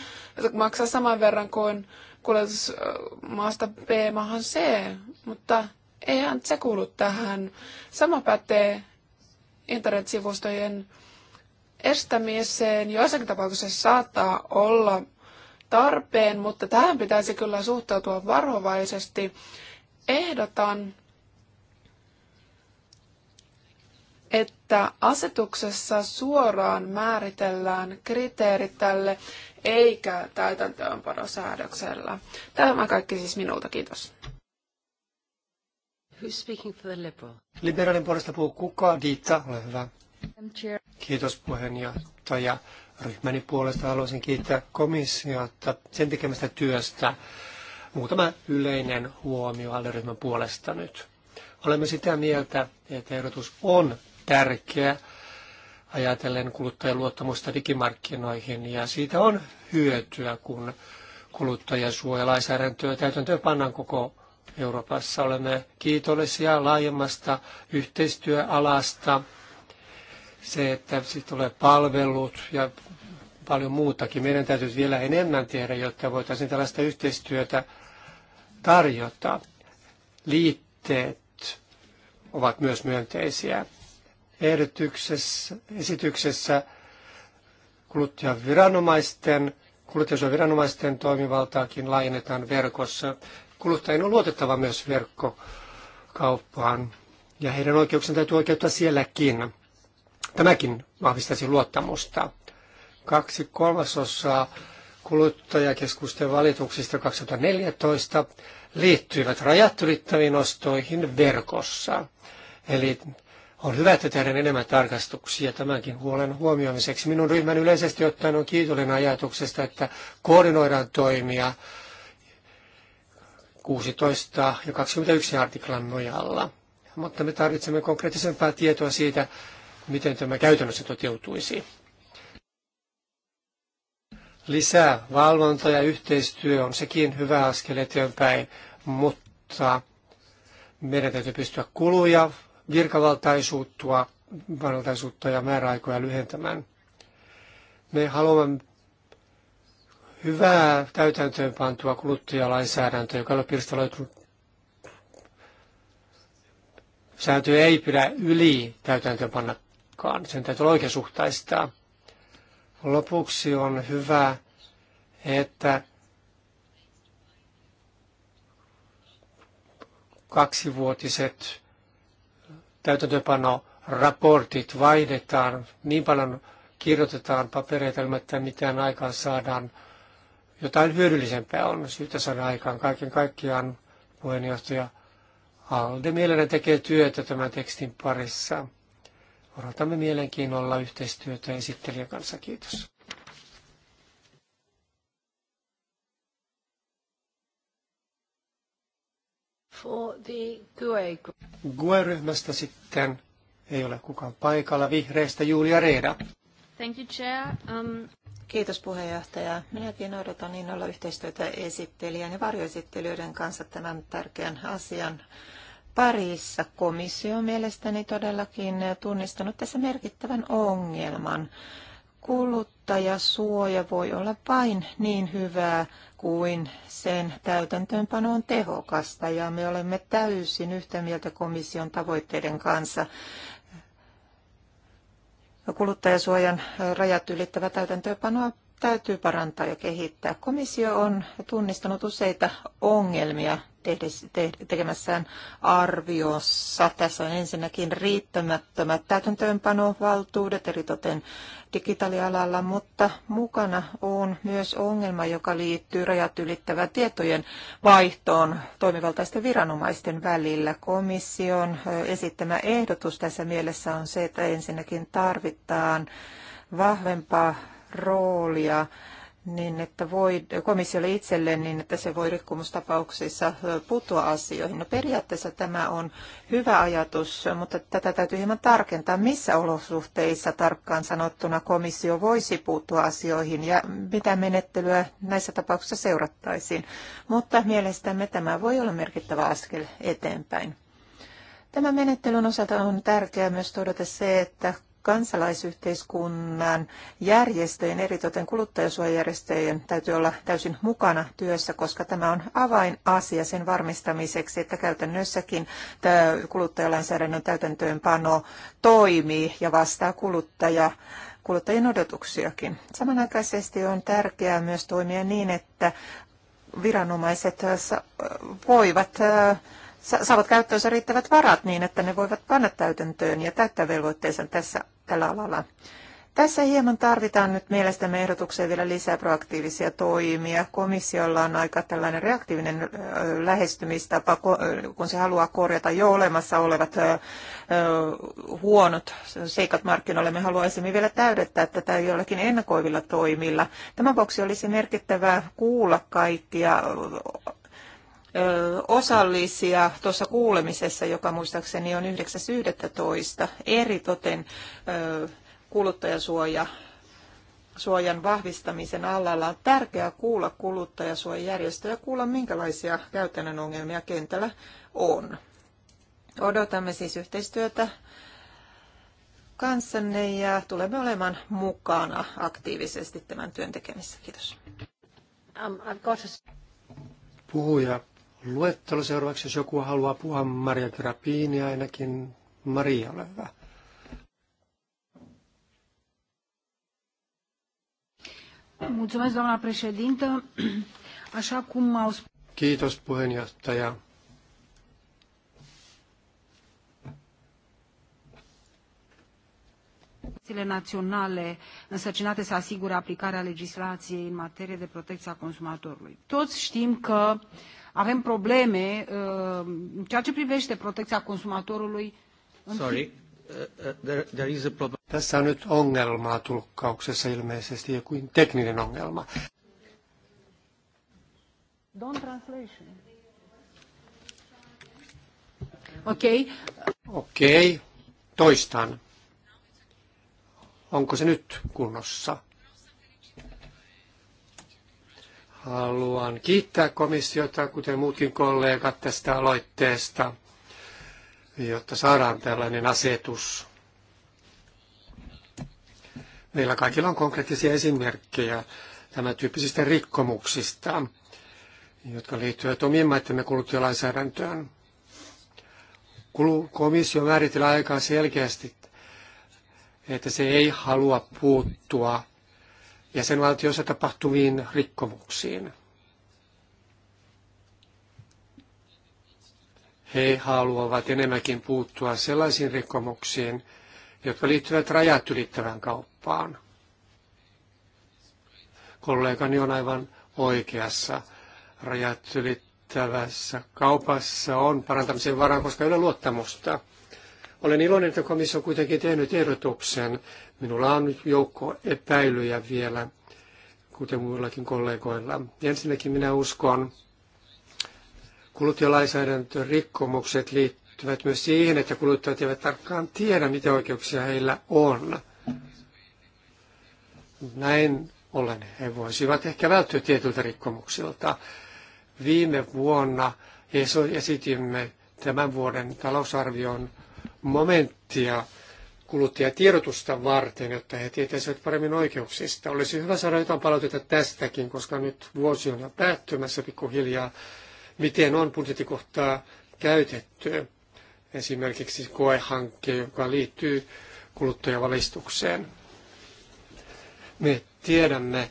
maksaa saman verran kuin kuljetus maasta B maahan C, mutta eihän se kuulu tähän. Sama pätee internetsivustojen estämiseen joissakin tapauksissa saattaa olla tarpeen, mutta tähän pitäisi kyllä suhtautua varovaisesti. Ehdotan, että asetuksessa suoraan määritellään kriteerit tälle, eikä täytäntöönpanosäädöksellä. Tämä kaikki siis minulta, kiitos. Who's speaking for the liberal? Liberaalin puolesta puhuu kuka? Diitta, ole hyvä. Kiitos puheenjohtaja. Ryhmäni puolesta haluaisin kiittää komissiota sen tekemästä työstä. Muutama yleinen huomio alleryhmän puolesta nyt. Olemme sitä mieltä, että ehdotus on tärkeä ajatellen kuluttajan luottamusta digimarkkinoihin ja siitä on hyötyä, kun kuluttajasuojalainsäädäntöä täytäntöön pannaan koko Euroopassa. Olemme kiitollisia laajemmasta yhteistyöalasta se, että sitten siis tulee palvelut ja paljon muutakin. Meidän täytyisi vielä enemmän tehdä, jotta voitaisiin tällaista yhteistyötä tarjota. Liitteet ovat myös myönteisiä. Ehdotuksessa, esityksessä kuluttajaviranomaisten, kuluttajaviranomaisten toimivaltaakin laajennetaan verkossa. Kuluttajien on luotettava myös verkkokauppaan ja heidän oikeuksensa täytyy oikeuttaa sielläkin. Tämäkin vahvistaisi luottamusta. Kaksi kolmasosaa kuluttajakeskusten valituksista 2014 liittyivät rajat ylittäviin ostoihin verkossa. Eli on hyvä, että tehdään enemmän tarkastuksia tämänkin huolen huomioimiseksi. Minun ryhmän yleisesti ottaen on kiitollinen ajatuksesta, että koordinoidaan toimia 16 ja 21 artiklan nojalla. Mutta me tarvitsemme konkreettisempaa tietoa siitä, miten tämä käytännössä toteutuisi. Lisää valvonta ja yhteistyö on sekin hyvä askel eteenpäin, mutta meidän täytyy pystyä kuluja, virkavaltaisuutta, valtaisuutta ja määräaikoja lyhentämään. Me haluamme hyvää täytäntöönpantua kuluttajalainsäädäntöä, joka on pirstaloitunut. Sääntö ei pidä yli täytäntöönpanna olekaan. Sen täytyy olla oikeasuhtaista. Lopuksi on hyvä, että kaksivuotiset täytäntöpanoraportit vaihdetaan. Niin paljon kirjoitetaan papereita, että mitään aikaan saadaan. Jotain hyödyllisempää on syytä saada aikaan. Kaiken kaikkiaan puheenjohtaja Alde mielellään tekee työtä tämän tekstin parissa. Odotamme mielenkiinnolla yhteistyötä esittelijän kanssa. Kiitos. GUE-ryhmästä e sitten ei ole kukaan paikalla. Vihreistä Julia Reeda. Thank you, Chair. Um... Kiitos puheenjohtaja. Minäkin odotan innolla yhteistyötä esittelijän ja varjoesittelijöiden kanssa tämän tärkeän asian parissa komissio on mielestäni todellakin tunnistanut tässä merkittävän ongelman. Kuluttajasuoja voi olla vain niin hyvää kuin sen täytäntöönpano on tehokasta ja me olemme täysin yhtä mieltä komission tavoitteiden kanssa. Kuluttajasuojan rajat ylittävä täytäntöönpanoa täytyy parantaa ja kehittää. Komissio on tunnistanut useita ongelmia tekemässään arviossa. Tässä on ensinnäkin riittämättömät täytäntöönpanovaltuudet, toten digitaalialalla, mutta mukana on myös ongelma, joka liittyy rajat ylittävään tietojen vaihtoon toimivaltaisten viranomaisten välillä. Komission esittämä ehdotus tässä mielessä on se, että ensinnäkin tarvitaan vahvempaa roolia niin että voi, komissiolle itselleen niin, että se voi rikkomustapauksissa puuttua asioihin. No periaatteessa tämä on hyvä ajatus, mutta tätä täytyy hieman tarkentaa, missä olosuhteissa tarkkaan sanottuna komissio voisi puuttua asioihin ja mitä menettelyä näissä tapauksissa seurattaisiin. Mutta mielestämme tämä voi olla merkittävä askel eteenpäin. Tämän menettelyn osalta on tärkeää myös todeta se, että kansalaisyhteiskunnan järjestöjen, eritoten kuluttajasuojajärjestöjen, täytyy olla täysin mukana työssä, koska tämä on avainasia sen varmistamiseksi, että käytännössäkin tämä kuluttajalainsäädännön täytäntöönpano toimii ja vastaa kuluttaja kuluttajien odotuksiakin. Samanaikaisesti on tärkeää myös toimia niin, että viranomaiset äh, voivat äh, saavat käyttöönsä riittävät varat niin, että ne voivat panna täytäntöön ja täyttää velvoitteensa tässä, tällä alalla. Tässä hieman tarvitaan nyt mielestämme ehdotukseen vielä lisää proaktiivisia toimia. Komissiolla on aika tällainen reaktiivinen lähestymistapa, kun se haluaa korjata jo olemassa olevat huonot seikat markkinoille. Me haluaisimme vielä täydentää tätä jollakin ennakoivilla toimilla. Tämän vuoksi olisi merkittävää kuulla kaikkia osallisia tuossa kuulemisessa, joka muistaakseni on 9.11. toten kuluttajasuoja suojan vahvistamisen alalla on tärkeää kuulla kuluttajasuojajärjestöjä ja kuulla, minkälaisia käytännön ongelmia kentällä on. Odotamme siis yhteistyötä kanssanne ja tulemme olemaan mukana aktiivisesti tämän työn tekemisessä. Kiitos. Um, Puhuja luettelo seuraavaksi, jos joku haluaa puhua Maria Grappini, ainakin Maria, ole hyvä. Mulțumesc, doamna președintă. Așa cum au spus... Kiitos, puheenjohtaja. instituțiile naționale însărcinate să asigure aplicarea legislației în materie de protecție consumatorului. Toți știm că uh, avem probleme în uh, ceea ce privește protecția consumatorului. Sorry, uh, uh, there, there is a problem. Tässä on nyt ongelma tulkkauksessa ilmeisesti, joku tekninen ongelma. Don't translation. Okei. Okay. Okei, okay. toistan. Onko se nyt kunnossa? Haluan kiittää komissiota, kuten muutkin kollegat, tästä aloitteesta, jotta saadaan tällainen asetus. Meillä kaikilla on konkreettisia esimerkkejä tämän tyyppisistä rikkomuksista, jotka liittyvät omien maittemme kuluttajalainsäädäntöön. Komissio määritteli aika selkeästi, että se ei halua puuttua jäsenvaltioissa tapahtuviin rikkomuksiin. He haluavat enemmänkin puuttua sellaisiin rikkomuksiin, jotka liittyvät rajat ylittävään kauppaan. Kollegani on aivan oikeassa. Rajat ylittävässä kaupassa on parantamisen varaa, koska ei ole luottamusta olen iloinen, että komissio on kuitenkin tehnyt ehdotuksen. Minulla on nyt joukko epäilyjä vielä, kuten muillakin kollegoilla. Ensinnäkin minä uskon, kuluttajalainsäädäntörikkomukset liittyvät myös siihen, että kuluttajat eivät tarkkaan tiedä, mitä oikeuksia heillä on. Näin ollen he voisivat ehkä välttyä tietyiltä rikkomuksilta. Viime vuonna esitimme tämän vuoden talousarvion momenttia kuluttajatiedotusta varten, jotta he tietäisivät paremmin oikeuksista. Olisi hyvä saada jotain palautetta tästäkin, koska nyt vuosi on jo päättymässä pikkuhiljaa, miten on budjettikohtaa käytetty. Esimerkiksi koehanke, joka liittyy kuluttajavalistukseen. Me tiedämme,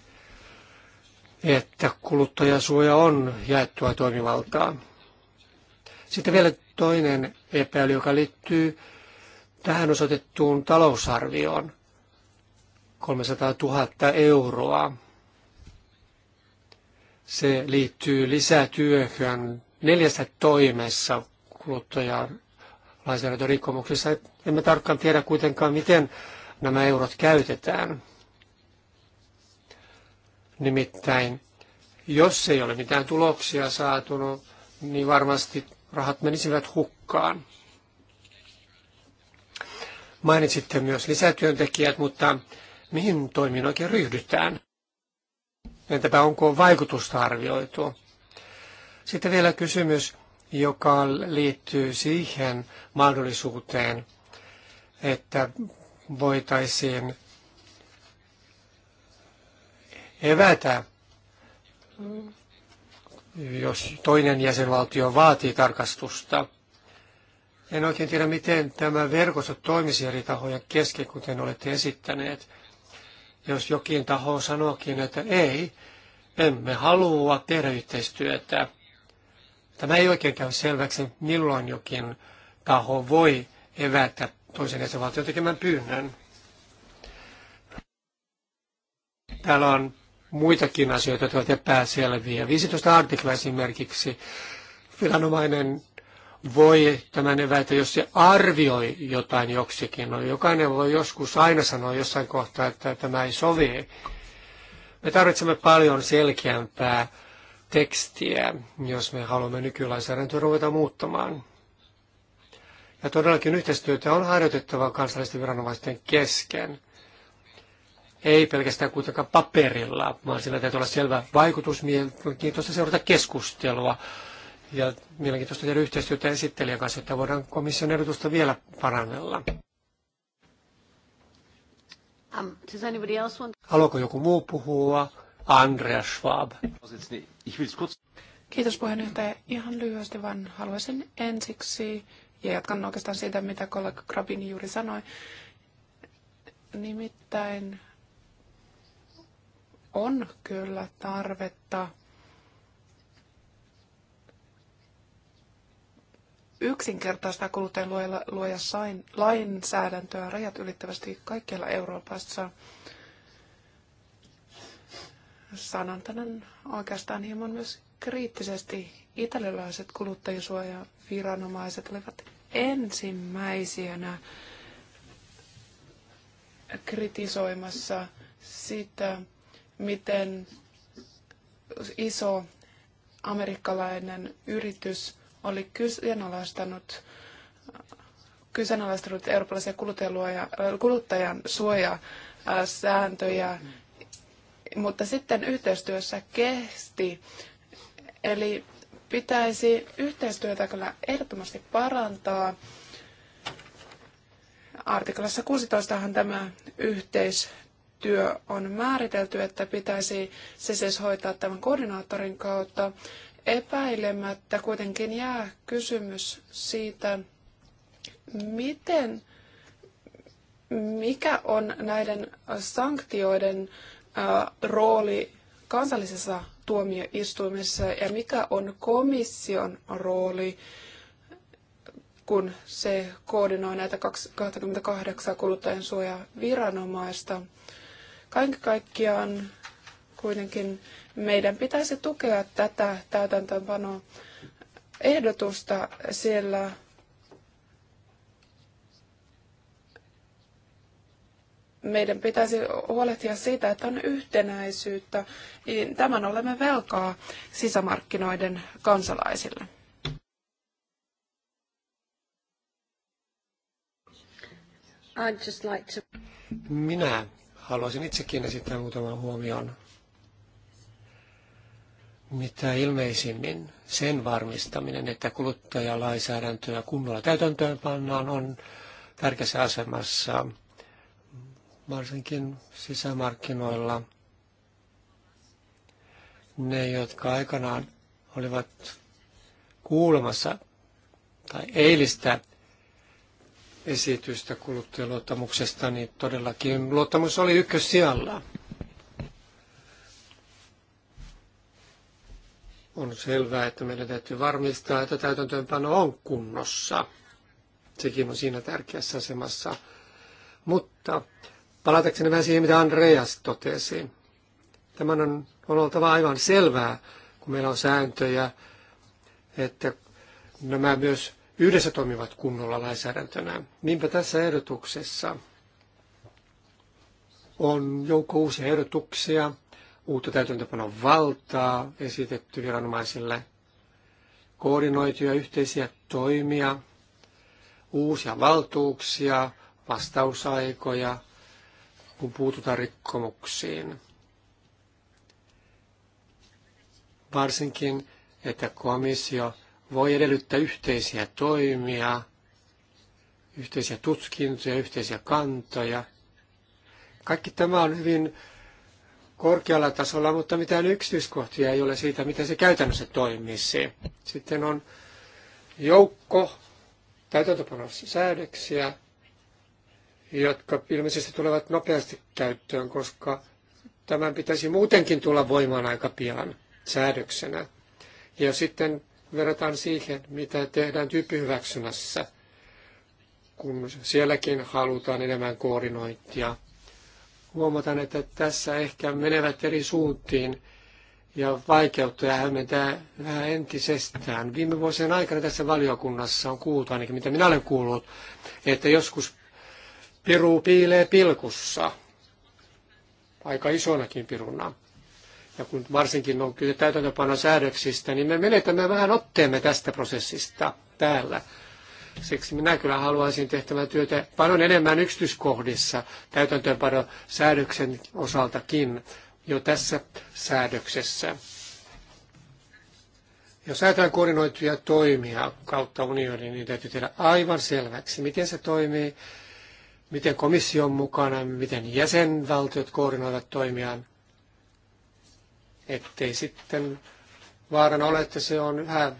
että kuluttajasuoja on jaettua toimivaltaa. Sitten vielä toinen epäily, joka liittyy tähän osoitettuun talousarvioon 300 000 euroa. Se liittyy lisätyöhön neljässä toimessa kuluttajan lainsäädäntörikkomuksissa. Emme tarkkaan tiedä kuitenkaan, miten nämä eurot käytetään. Nimittäin, jos ei ole mitään tuloksia saatunut, no, niin varmasti rahat menisivät hukkaan. Mainitsitte myös lisätyöntekijät, mutta mihin toimiin oikein ryhdytään? Entäpä onko vaikutusta arvioitu? Sitten vielä kysymys, joka liittyy siihen mahdollisuuteen, että voitaisiin evätä jos toinen jäsenvaltio vaatii tarkastusta. En oikein tiedä, miten tämä verkosto toimisi eri tahojen kesken, kuten olette esittäneet. Jos jokin taho sanookin, että ei, emme halua tehdä yhteistyötä. Tämä ei oikein käy selväksi, milloin jokin taho voi evätä toisen jäsenvaltion tekemän pyynnön. Täällä on muitakin asioita, jotka ovat epäselviä. 15 artikla esimerkiksi. Viranomainen voi tämän väitä, jos se arvioi jotain joksikin. No, jokainen voi joskus aina sanoa jossain kohtaa, että tämä ei sovi. Me tarvitsemme paljon selkeämpää tekstiä, jos me haluamme nykylainsäädäntöä ruveta muuttamaan. Ja todellakin yhteistyötä on harjoitettava kansallisten viranomaisten kesken ei pelkästään kuitenkaan paperilla, vaan sillä täytyy olla selvä vaikutus. Mielenkiintoista seurata keskustelua ja mielenkiintoista tehdä yhteistyötä esittelijän kanssa, että voidaan komission ehdotusta vielä parannella. Um, want... Haluaako joku muu puhua? Andreas Schwab. Kiitos puheenjohtaja. Ihan lyhyesti vaan haluaisin ensiksi, ja jatkan oikeastaan siitä, mitä kollega Grabini juuri sanoi, nimittäin on kyllä tarvetta Yksinkertaista kuluttajan luoja lainsäädäntöä rajat ylittävästi kaikkialla Euroopassa. Sanan tänään oikeastaan hieman myös kriittisesti. Italialaiset kuluttajasuojaviranomaiset olivat ensimmäisenä kritisoimassa sitä, miten iso amerikkalainen yritys oli kyseenalaistanut kyseenalaistanut eurooppalaisia äh, kuluttajan suojasääntöjä, äh, mutta sitten yhteistyössä kesti. Eli pitäisi yhteistyötä kyllä ehdottomasti parantaa. Artiklassa 16 tämä yhteistyö työ on määritelty, että pitäisi se siis hoitaa tämän koordinaattorin kautta. Epäilemättä kuitenkin jää kysymys siitä, miten, mikä on näiden sanktioiden rooli kansallisessa tuomioistuimessa ja mikä on komission rooli, kun se koordinoi näitä 28 kuluttajan suojaviranomaista. viranomaista Kaiken kaikkiaan kuitenkin meidän pitäisi tukea tätä täytäntöönpanoa ehdotusta, siellä meidän pitäisi huolehtia siitä, että on yhtenäisyyttä. Tämän olemme velkaa sisämarkkinoiden kansalaisille. Minä haluaisin itsekin esittää muutaman huomion. Mitä ilmeisimmin sen varmistaminen, että kuluttajalainsäädäntöä kunnolla täytäntöön pannaan, on tärkeässä asemassa varsinkin sisämarkkinoilla. Ne, jotka aikanaan olivat kuulemassa tai eilistä esitystä kuluttajaluottamuksesta, niin todellakin luottamus oli ykkössijalla. On selvää, että meidän täytyy varmistaa, että täytäntöönpano on kunnossa. Sekin on siinä tärkeässä asemassa. Mutta palatakseni vähän siihen, mitä Andreas totesi. Tämän on, on oltava aivan selvää, kun meillä on sääntöjä, että nämä myös yhdessä toimivat kunnolla lainsäädäntönä. Niinpä tässä ehdotuksessa on joukko uusia ehdotuksia, uutta täytäntöpanon valtaa esitetty viranomaisille, koordinoituja yhteisiä toimia, uusia valtuuksia, vastausaikoja, kun puututaan rikkomuksiin. Varsinkin, että komissio voi edellyttää yhteisiä toimia, yhteisiä tutkintoja, yhteisiä kantoja. Kaikki tämä on hyvin korkealla tasolla, mutta mitään yksityiskohtia ei ole siitä, miten se käytännössä toimisi. Sitten on joukko säädöksiä, jotka ilmeisesti tulevat nopeasti käyttöön, koska tämän pitäisi muutenkin tulla voimaan aika pian säädöksenä. Ja sitten verrataan siihen, mitä tehdään tyyppihyväksynnässä, kun sielläkin halutaan enemmän koordinointia. Huomataan, että tässä ehkä menevät eri suuntiin ja vaikeuttaa ja hämmentää vähän entisestään. Viime vuosien aikana tässä valiokunnassa on kuultu, ainakin mitä minä olen kuullut, että joskus piru piilee pilkussa, aika isonakin piruna ja kun varsinkin on kyse täytäntöpanosäädöksistä, niin me menetämme vähän otteemme tästä prosessista täällä. Siksi minä kyllä haluaisin tehtävän työtä paljon enemmän yksityiskohdissa täytäntöönpanosäädöksen osaltakin jo tässä säädöksessä. Jos ajatellaan koordinoituja toimia kautta unionin, niin täytyy tehdä aivan selväksi, miten se toimii, miten komissio on mukana, miten jäsenvaltiot koordinoivat toimiaan ettei sitten vaarana ole, että se on yhä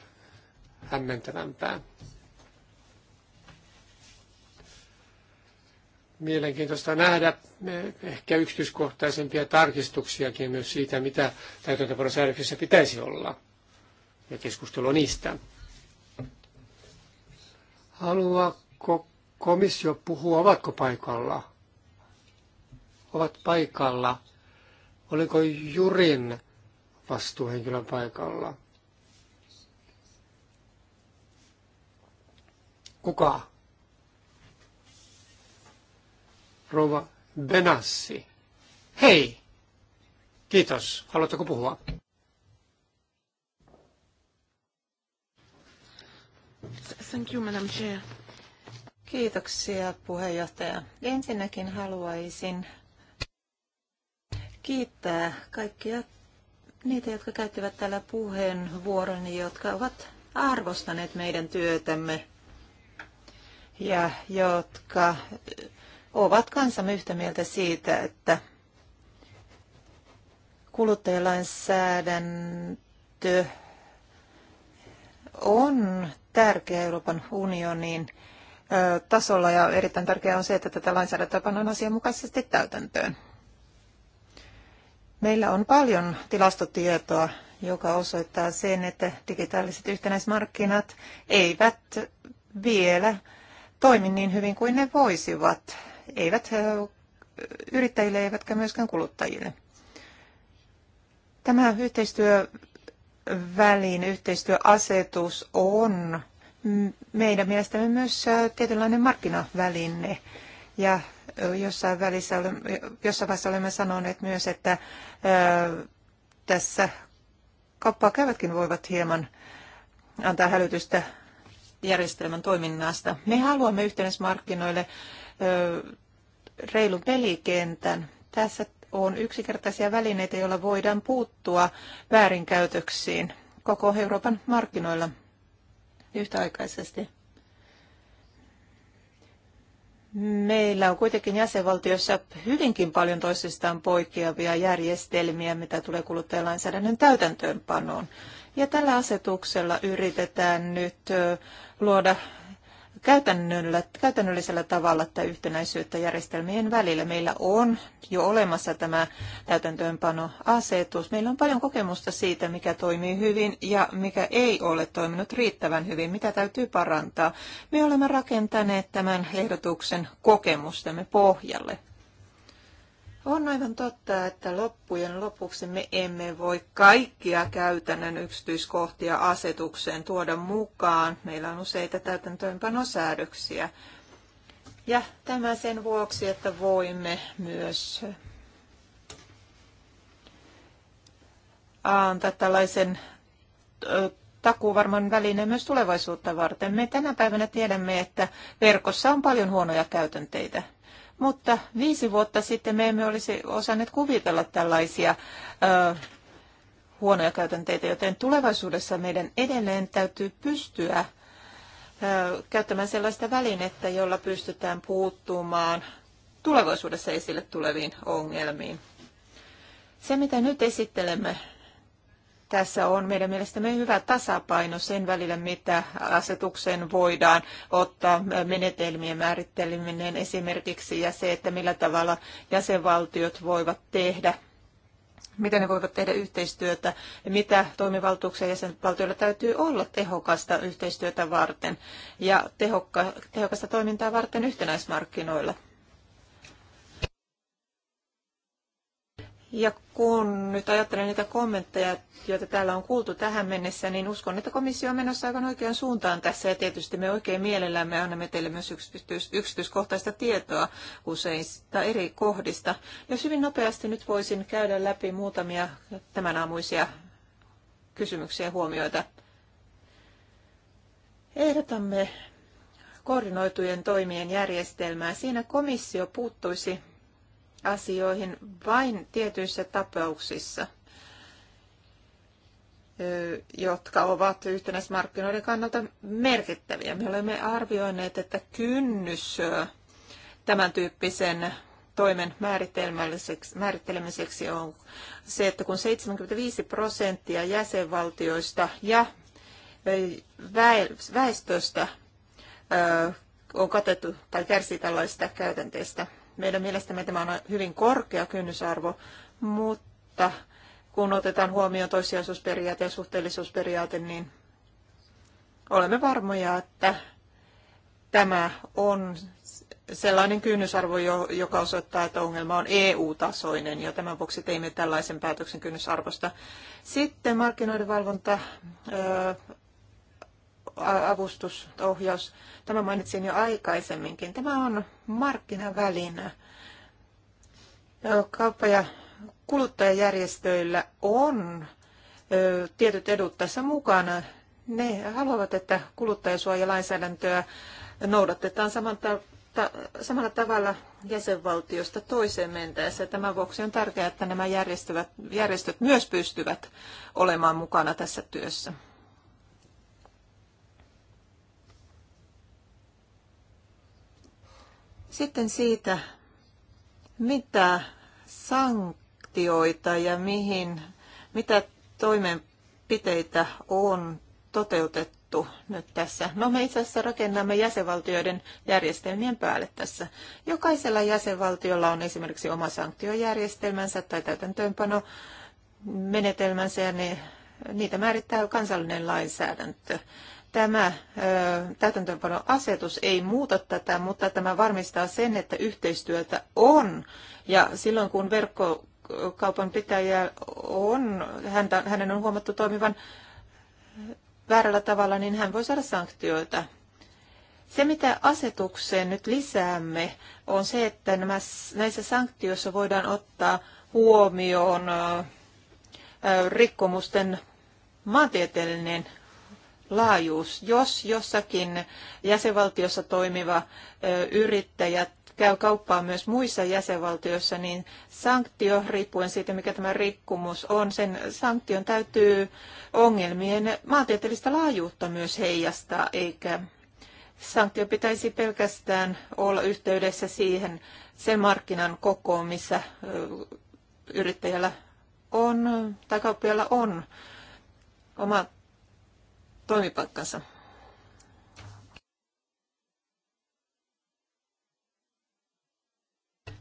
hämmentävämpää. Mielenkiintoista nähdä eh, ehkä yksityiskohtaisempia tarkistuksiakin myös siitä, mitä täytäntöpanosäädöksissä pitäisi olla ja keskustelua niistä. Haluaako komissio puhua, ovatko paikalla? Ovat paikalla. Oliko Jurin vastuuhenkilön paikalla. Kuka? Rova Benassi. Hei! Kiitos. Haluatteko puhua? Thank you, Madam Chair. Kiitoksia puheenjohtaja. Ensinnäkin haluaisin kiittää kaikkia niitä, jotka käyttivät täällä puheenvuoron, niin jotka ovat arvostaneet meidän työtämme ja jotka ovat kansamme yhtä mieltä siitä, että kuluttajalainsäädäntö on tärkeä Euroopan unionin tasolla ja erittäin tärkeää on se, että tätä lainsäädäntöä pannaan asianmukaisesti täytäntöön. Meillä on paljon tilastotietoa, joka osoittaa sen, että digitaaliset yhtenäismarkkinat eivät vielä toimi niin hyvin kuin ne voisivat. Eivät yrittäjille eivätkä myöskään kuluttajille. Tämä yhteistyövälin yhteistyöasetus on meidän mielestämme myös tietynlainen markkinaväline. Ja jossain, välissä olemme, jossain vaiheessa olemme sanoneet myös, että tässä kauppaa käyvätkin voivat hieman antaa hälytystä järjestelmän toiminnasta. Me haluamme yhteismarkkinoille reilun pelikentän. Tässä on yksinkertaisia välineitä, joilla voidaan puuttua väärinkäytöksiin koko Euroopan markkinoilla yhtäaikaisesti. Meillä on kuitenkin jäsenvaltiossa hyvinkin paljon toisistaan poikkeavia järjestelmiä, mitä tulee kuluttajalainsäädännön täytäntöönpanoon. Ja tällä asetuksella yritetään nyt luoda käytännöllisellä tavalla tätä yhtenäisyyttä järjestelmien välillä. Meillä on jo olemassa tämä täytäntöönpanoasetus. Meillä on paljon kokemusta siitä, mikä toimii hyvin ja mikä ei ole toiminut riittävän hyvin, mitä täytyy parantaa. Me olemme rakentaneet tämän ehdotuksen kokemustemme pohjalle. On aivan totta, että loppujen lopuksi me emme voi kaikkia käytännön yksityiskohtia asetukseen tuoda mukaan. Meillä on useita täytäntöönpanosäädöksiä. Ja tämä sen vuoksi, että voimme myös antaa tällaisen takuuvarman välineen myös tulevaisuutta varten. Me tänä päivänä tiedämme, että verkossa on paljon huonoja käytänteitä mutta viisi vuotta sitten me emme olisi osanneet kuvitella tällaisia ö, huonoja käytänteitä, joten tulevaisuudessa meidän edelleen täytyy pystyä ö, käyttämään sellaista välinettä, jolla pystytään puuttumaan tulevaisuudessa esille tuleviin ongelmiin. Se, mitä nyt esittelemme, tässä on meidän mielestämme hyvä tasapaino sen välillä, mitä asetukseen voidaan ottaa menetelmien määritteleminen esimerkiksi ja se, että millä tavalla jäsenvaltiot voivat tehdä miten ne voivat tehdä yhteistyötä ja mitä toimivaltuuksia jäsenvaltioilla täytyy olla tehokasta yhteistyötä varten ja tehokka, tehokasta toimintaa varten yhtenäismarkkinoilla. Ja kun nyt ajattelen niitä kommentteja, joita täällä on kuultu tähän mennessä, niin uskon, että komissio on menossa aivan oikeaan suuntaan tässä. Ja tietysti me oikein mielellämme annamme teille myös yksityis- yksityiskohtaista tietoa useista eri kohdista. Jos hyvin nopeasti nyt voisin käydä läpi muutamia tämän aamuisia kysymyksiä ja huomioita. Ehdotamme koordinoitujen toimien järjestelmää. Siinä komissio puuttuisi asioihin vain tietyissä tapauksissa, jotka ovat yhtenäismarkkinoiden kannalta merkittäviä. Me olemme arvioineet, että kynnys tämän tyyppisen toimen määrittelemiseksi on se, että kun 75 prosenttia jäsenvaltioista ja väestöstä on katettu tai kärsii tällaista käytänteistä, meidän mielestämme tämä on hyvin korkea kynnysarvo, mutta kun otetaan huomioon toissijaisuusperiaate ja suhteellisuusperiaate, niin olemme varmoja, että tämä on sellainen kynnysarvo, joka osoittaa, että ongelma on EU-tasoinen, ja tämän vuoksi teimme tällaisen päätöksen kynnysarvosta. Sitten markkinoiden valvonta avustusohjaus. Tämä mainitsin jo aikaisemminkin. Tämä on markkinaväline. Kauppa- ja kuluttajajärjestöillä on tietyt edut tässä mukana. Ne haluavat, että kuluttajasuojalainsäädäntöä noudatetaan ta- samalla tavalla jäsenvaltiosta toiseen mentäessä. Tämän vuoksi on tärkeää, että nämä järjestöt myös pystyvät olemaan mukana tässä työssä. Sitten siitä, mitä sanktioita ja mihin, mitä toimenpiteitä on toteutettu nyt tässä. No me itse asiassa rakennamme jäsenvaltioiden järjestelmien päälle tässä. Jokaisella jäsenvaltiolla on esimerkiksi oma sanktiojärjestelmänsä tai täytäntöönpano menetelmänsä ja ne, niitä määrittää kansallinen lainsäädäntö. Tämä täytäntöönpanoasetus asetus ei muuta tätä, mutta tämä varmistaa sen, että yhteistyötä on. Ja silloin kun verkkokaupan pitäjä on, häntä, hänen on huomattu toimivan väärällä tavalla, niin hän voi saada sanktioita. Se, mitä asetukseen nyt lisäämme, on se, että nämä, näissä sanktioissa voidaan ottaa huomioon rikkomusten maantieteellinen laajuus. Jos jossakin jäsenvaltiossa toimiva yrittäjä käy kauppaa myös muissa jäsenvaltioissa, niin sanktio, riippuen siitä mikä tämä rikkomus on, sen sanktion täytyy ongelmien maantieteellistä laajuutta myös heijastaa, eikä sanktio pitäisi pelkästään olla yhteydessä siihen sen markkinan kokoon, missä yrittäjällä on tai kauppialla on oma toimipaikkansa.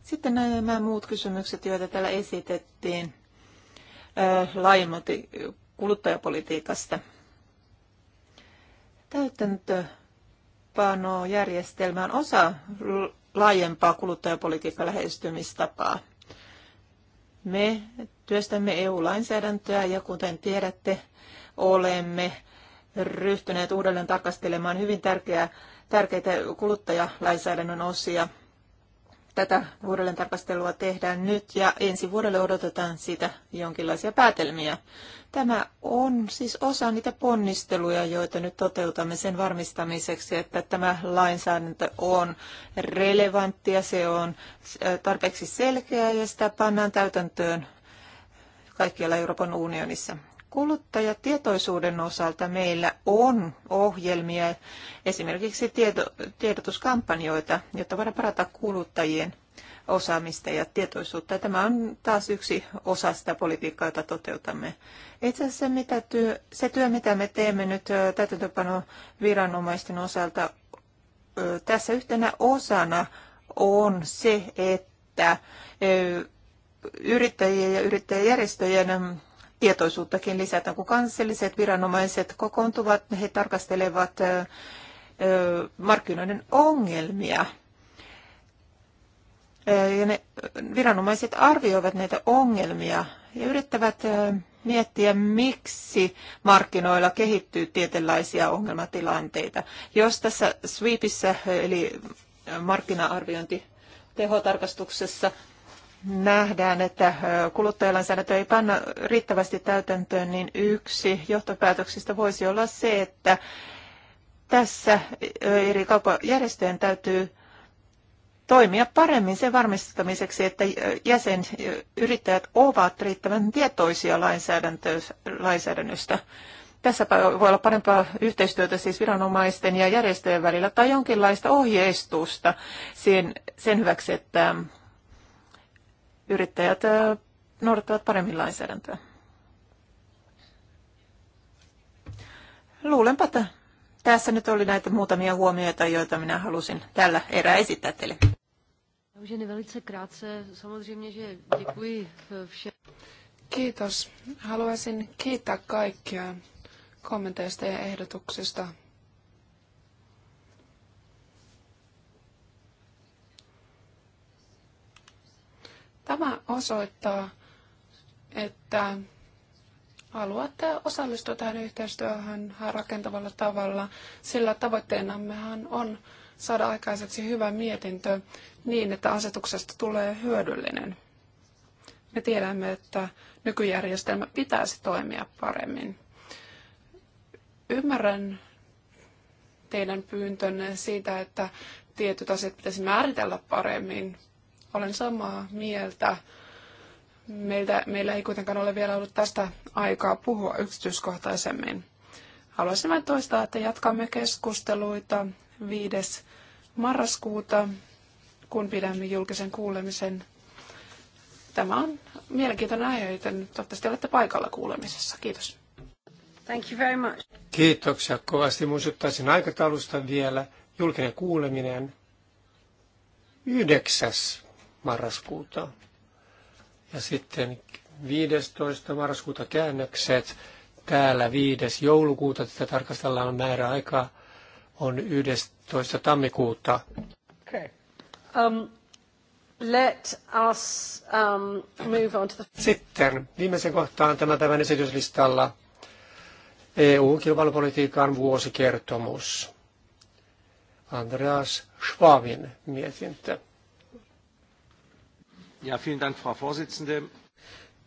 Sitten nämä muut kysymykset, joita täällä esitettiin laajemmalti kuluttajapolitiikasta. Täytäntöpanojärjestelmä on osa laajempaa kuluttajapolitiikan lähestymistapaa. Me työstämme EU-lainsäädäntöä ja kuten tiedätte, olemme ryhtyneet uudelleen tarkastelemaan hyvin tärkeää, tärkeitä kuluttajalainsäädännön osia. Tätä uudelleen tarkastelua tehdään nyt ja ensi vuodelle odotetaan siitä jonkinlaisia päätelmiä. Tämä on siis osa niitä ponnisteluja, joita nyt toteutamme sen varmistamiseksi, että tämä lainsäädäntö on ja se on äh, tarpeeksi selkeää ja sitä pannaan täytäntöön kaikkialla Euroopan unionissa. Kuluttajatietoisuuden osalta meillä on ohjelmia, esimerkiksi tieto, tiedotuskampanjoita, jotta voidaan parata kuluttajien osaamista ja tietoisuutta. tämä on taas yksi osa sitä politiikkaa, jota toteutamme. Itse asiassa mitä työ, se työ, mitä me teemme nyt täytäntöpano viranomaisten osalta, tässä yhtenä osana on se, että yrittäjien ja yrittäjäjärjestöjen tietoisuuttakin lisätä, kun kansalliset viranomaiset kokoontuvat, he tarkastelevat markkinoiden ongelmia. Ja ne viranomaiset arvioivat näitä ongelmia ja yrittävät miettiä, miksi markkinoilla kehittyy tietynlaisia ongelmatilanteita. Jos tässä sweepissä eli markkina-arviointi tehotarkastuksessa nähdään, että kuluttajalainsäädäntö ei panna riittävästi täytäntöön, niin yksi johtopäätöksistä voisi olla se, että tässä eri kauppajärjestöjen täytyy toimia paremmin sen varmistamiseksi, että jäsenyrittäjät ovat riittävän tietoisia lainsäädännöstä. Tässä voi olla parempaa yhteistyötä siis viranomaisten ja järjestöjen välillä tai jonkinlaista ohjeistusta sen, sen hyväksi, että yrittäjät noudattavat paremmin lainsäädäntöä. Luulenpa, että tässä nyt oli näitä muutamia huomioita, joita minä halusin tällä erää esittää teille. E, Kiitos. Haluaisin kiittää kaikkia kommenteista ja ehdotuksista. Tämä osoittaa, että haluatte osallistua tähän yhteistyöhön rakentavalla tavalla, sillä tavoitteenammehan on saada aikaiseksi hyvä mietintö niin, että asetuksesta tulee hyödyllinen. Me tiedämme, että nykyjärjestelmä pitäisi toimia paremmin. Ymmärrän teidän pyyntönne siitä, että tietyt asiat pitäisi määritellä paremmin, olen samaa mieltä. Meiltä, meillä ei kuitenkaan ole vielä ollut tästä aikaa puhua yksityiskohtaisemmin. Haluaisin vain toistaa, että jatkamme keskusteluita 5. marraskuuta, kun pidämme julkisen kuulemisen. Tämä on mielenkiintoinen aihe, joten toivottavasti olette paikalla kuulemisessa. Kiitos. Thank you very much. Kiitoksia kovasti. Muistuttaisin aikataulusta vielä. Julkinen kuuleminen 9 marraskuuta. Ja sitten 15. marraskuuta käännökset. Täällä 5. joulukuuta tätä tarkastellaan määräaika on 11. tammikuuta. Um, um, sitten viimeisen kohtaan tämän päivän esityslistalla EU-kilpailupolitiikan vuosikertomus. Andreas Schwabin mietintö. Ja, vielen Dank, Frau Vorsitzende.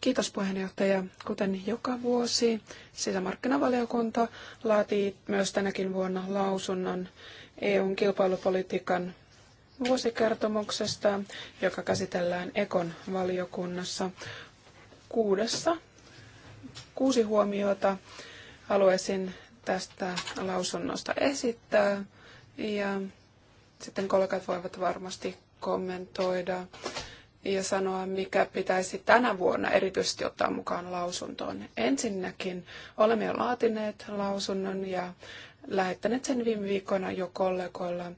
Kiitos puheenjohtaja. Kuten joka vuosi, sisämarkkinavaliokunta laatii myös tänäkin vuonna lausunnon EUn kilpailupolitiikan vuosikertomuksesta, joka käsitellään Ekon valiokunnassa kuudessa. Kuusi huomiota haluaisin tästä lausunnosta esittää ja sitten kollegat voivat varmasti kommentoida ja sanoa, mikä pitäisi tänä vuonna erityisesti ottaa mukaan lausuntoon. Ensinnäkin olemme jo laatineet lausunnon ja lähettäneet sen viime viikkoina jo kollegoilla.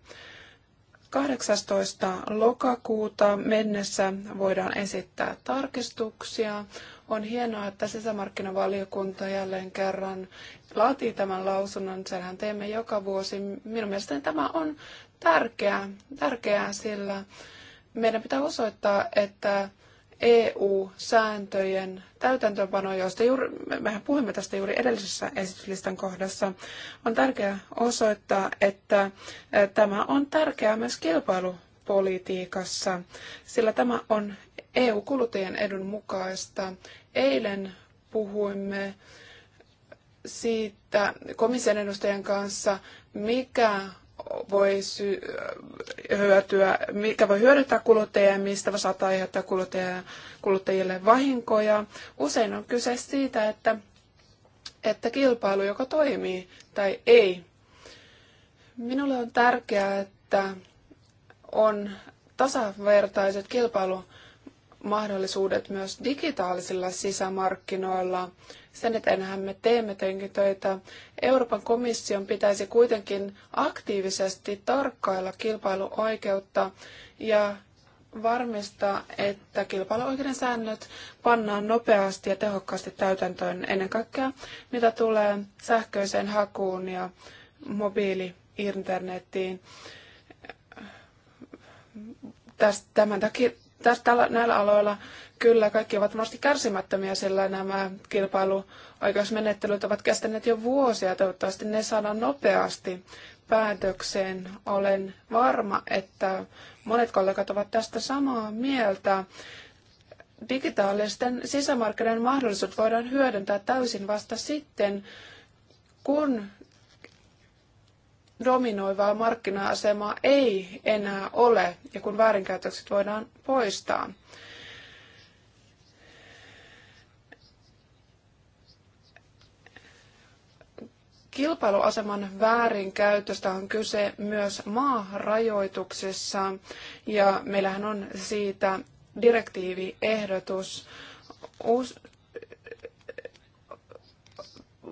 18. lokakuuta mennessä voidaan esittää tarkistuksia. On hienoa, että sisämarkkinavaliokunta jälleen kerran laatii tämän lausunnon. Senhän teemme joka vuosi. Minun mielestäni tämä on tärkeää, tärkeää sillä meidän pitää osoittaa, että EU-sääntöjen täytäntöönpano, josta juuri, mehän puhumme tästä juuri edellisessä esityslistan kohdassa, on tärkeää osoittaa, että tämä on tärkeää myös kilpailupolitiikassa, sillä tämä on EU-kuluttajien edun mukaista. Eilen puhuimme siitä komission edustajan kanssa, mikä voi sy- hyötyä, mikä voi hyödyttää kuluttajia ja mistä saattaa aiheuttaa kuluttajille vahinkoja. Usein on kyse siitä, että, että kilpailu joko toimii tai ei. Minulle on tärkeää, että on tasavertaiset kilpailu mahdollisuudet myös digitaalisilla sisämarkkinoilla. Sen eteenhän me teemme tietenkin töitä. Euroopan komission pitäisi kuitenkin aktiivisesti tarkkailla kilpailuoikeutta ja varmistaa, että kilpailuoikeuden säännöt pannaan nopeasti ja tehokkaasti täytäntöön ennen kaikkea, mitä tulee sähköiseen hakuun ja mobiili-internettiin. Tämän takia Tästä, näillä aloilla kyllä kaikki ovat varmasti kärsimättömiä, sillä nämä kilpailuoikeusmenettelyt ovat kestäneet jo vuosia. Toivottavasti ne saadaan nopeasti päätökseen. Olen varma, että monet kollegat ovat tästä samaa mieltä. Digitaalisten sisämarkkinoiden mahdollisuudet voidaan hyödyntää täysin vasta sitten, kun dominoivaa markkina-asemaa ei enää ole ja kun väärinkäytökset voidaan poistaa. Kilpailuaseman väärinkäytöstä on kyse myös maarajoituksissa ja meillähän on siitä direktiiviehdotus. Uus,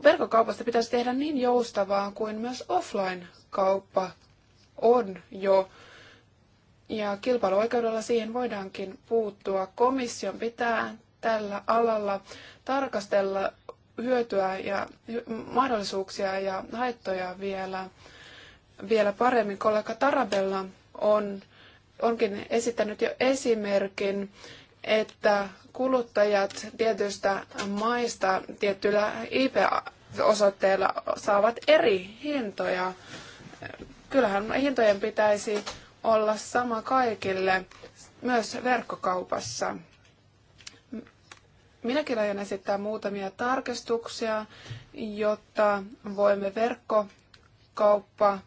verkkokaupasta pitäisi tehdä niin joustavaa kuin myös offline kauppa on jo ja kilpailuoikeudella siihen voidaankin puuttua. Komission pitää tällä alalla tarkastella hyötyä ja mahdollisuuksia ja haittoja vielä, vielä paremmin. Kollega Tarabella on, onkin esittänyt jo esimerkin, että kuluttajat tietystä maista tiettyillä IP-osoitteilla saavat eri hintoja kyllähän hintojen pitäisi olla sama kaikille, myös verkkokaupassa. Minäkin aion esittää muutamia tarkistuksia, jotta voimme verkkokauppa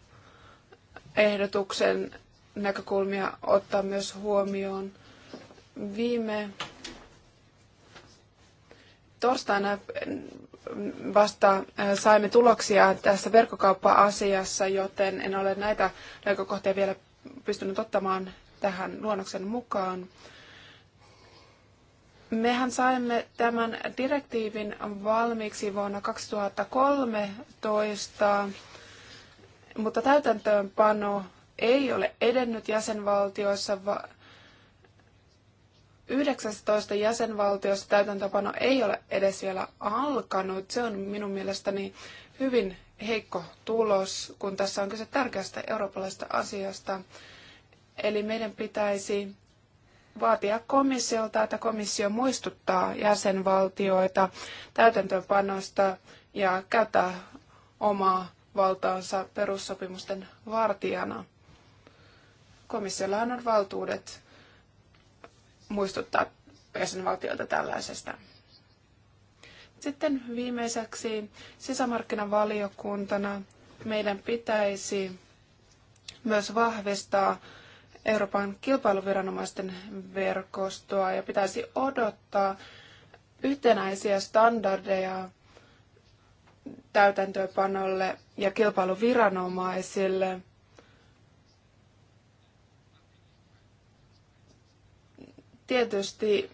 ehdotuksen näkökulmia ottaa myös huomioon. Viime torstaina vasta äh, saimme tuloksia tässä verkkokauppa-asiassa, joten en ole näitä näkökohtia vielä pystynyt ottamaan tähän luonnoksen mukaan. Mehän saimme tämän direktiivin valmiiksi vuonna 2013, mutta täytäntöönpano ei ole edennyt jäsenvaltioissa, 19 jäsenvaltiossa täytäntöpano ei ole edes vielä alkanut. Se on minun mielestäni hyvin heikko tulos, kun tässä on kyse tärkeästä eurooppalaisesta asiasta. Eli meidän pitäisi vaatia komissiolta, että komissio muistuttaa jäsenvaltioita täytäntöpanosta ja käyttää omaa valtaansa perussopimusten vartijana. Komissiolla on valtuudet muistuttaa jäsenvaltioita tällaisesta. Sitten viimeiseksi sisämarkkinavaliokuntana meidän pitäisi myös vahvistaa Euroopan kilpailuviranomaisten verkostoa ja pitäisi odottaa yhtenäisiä standardeja täytäntöönpanolle ja kilpailuviranomaisille – Tietysti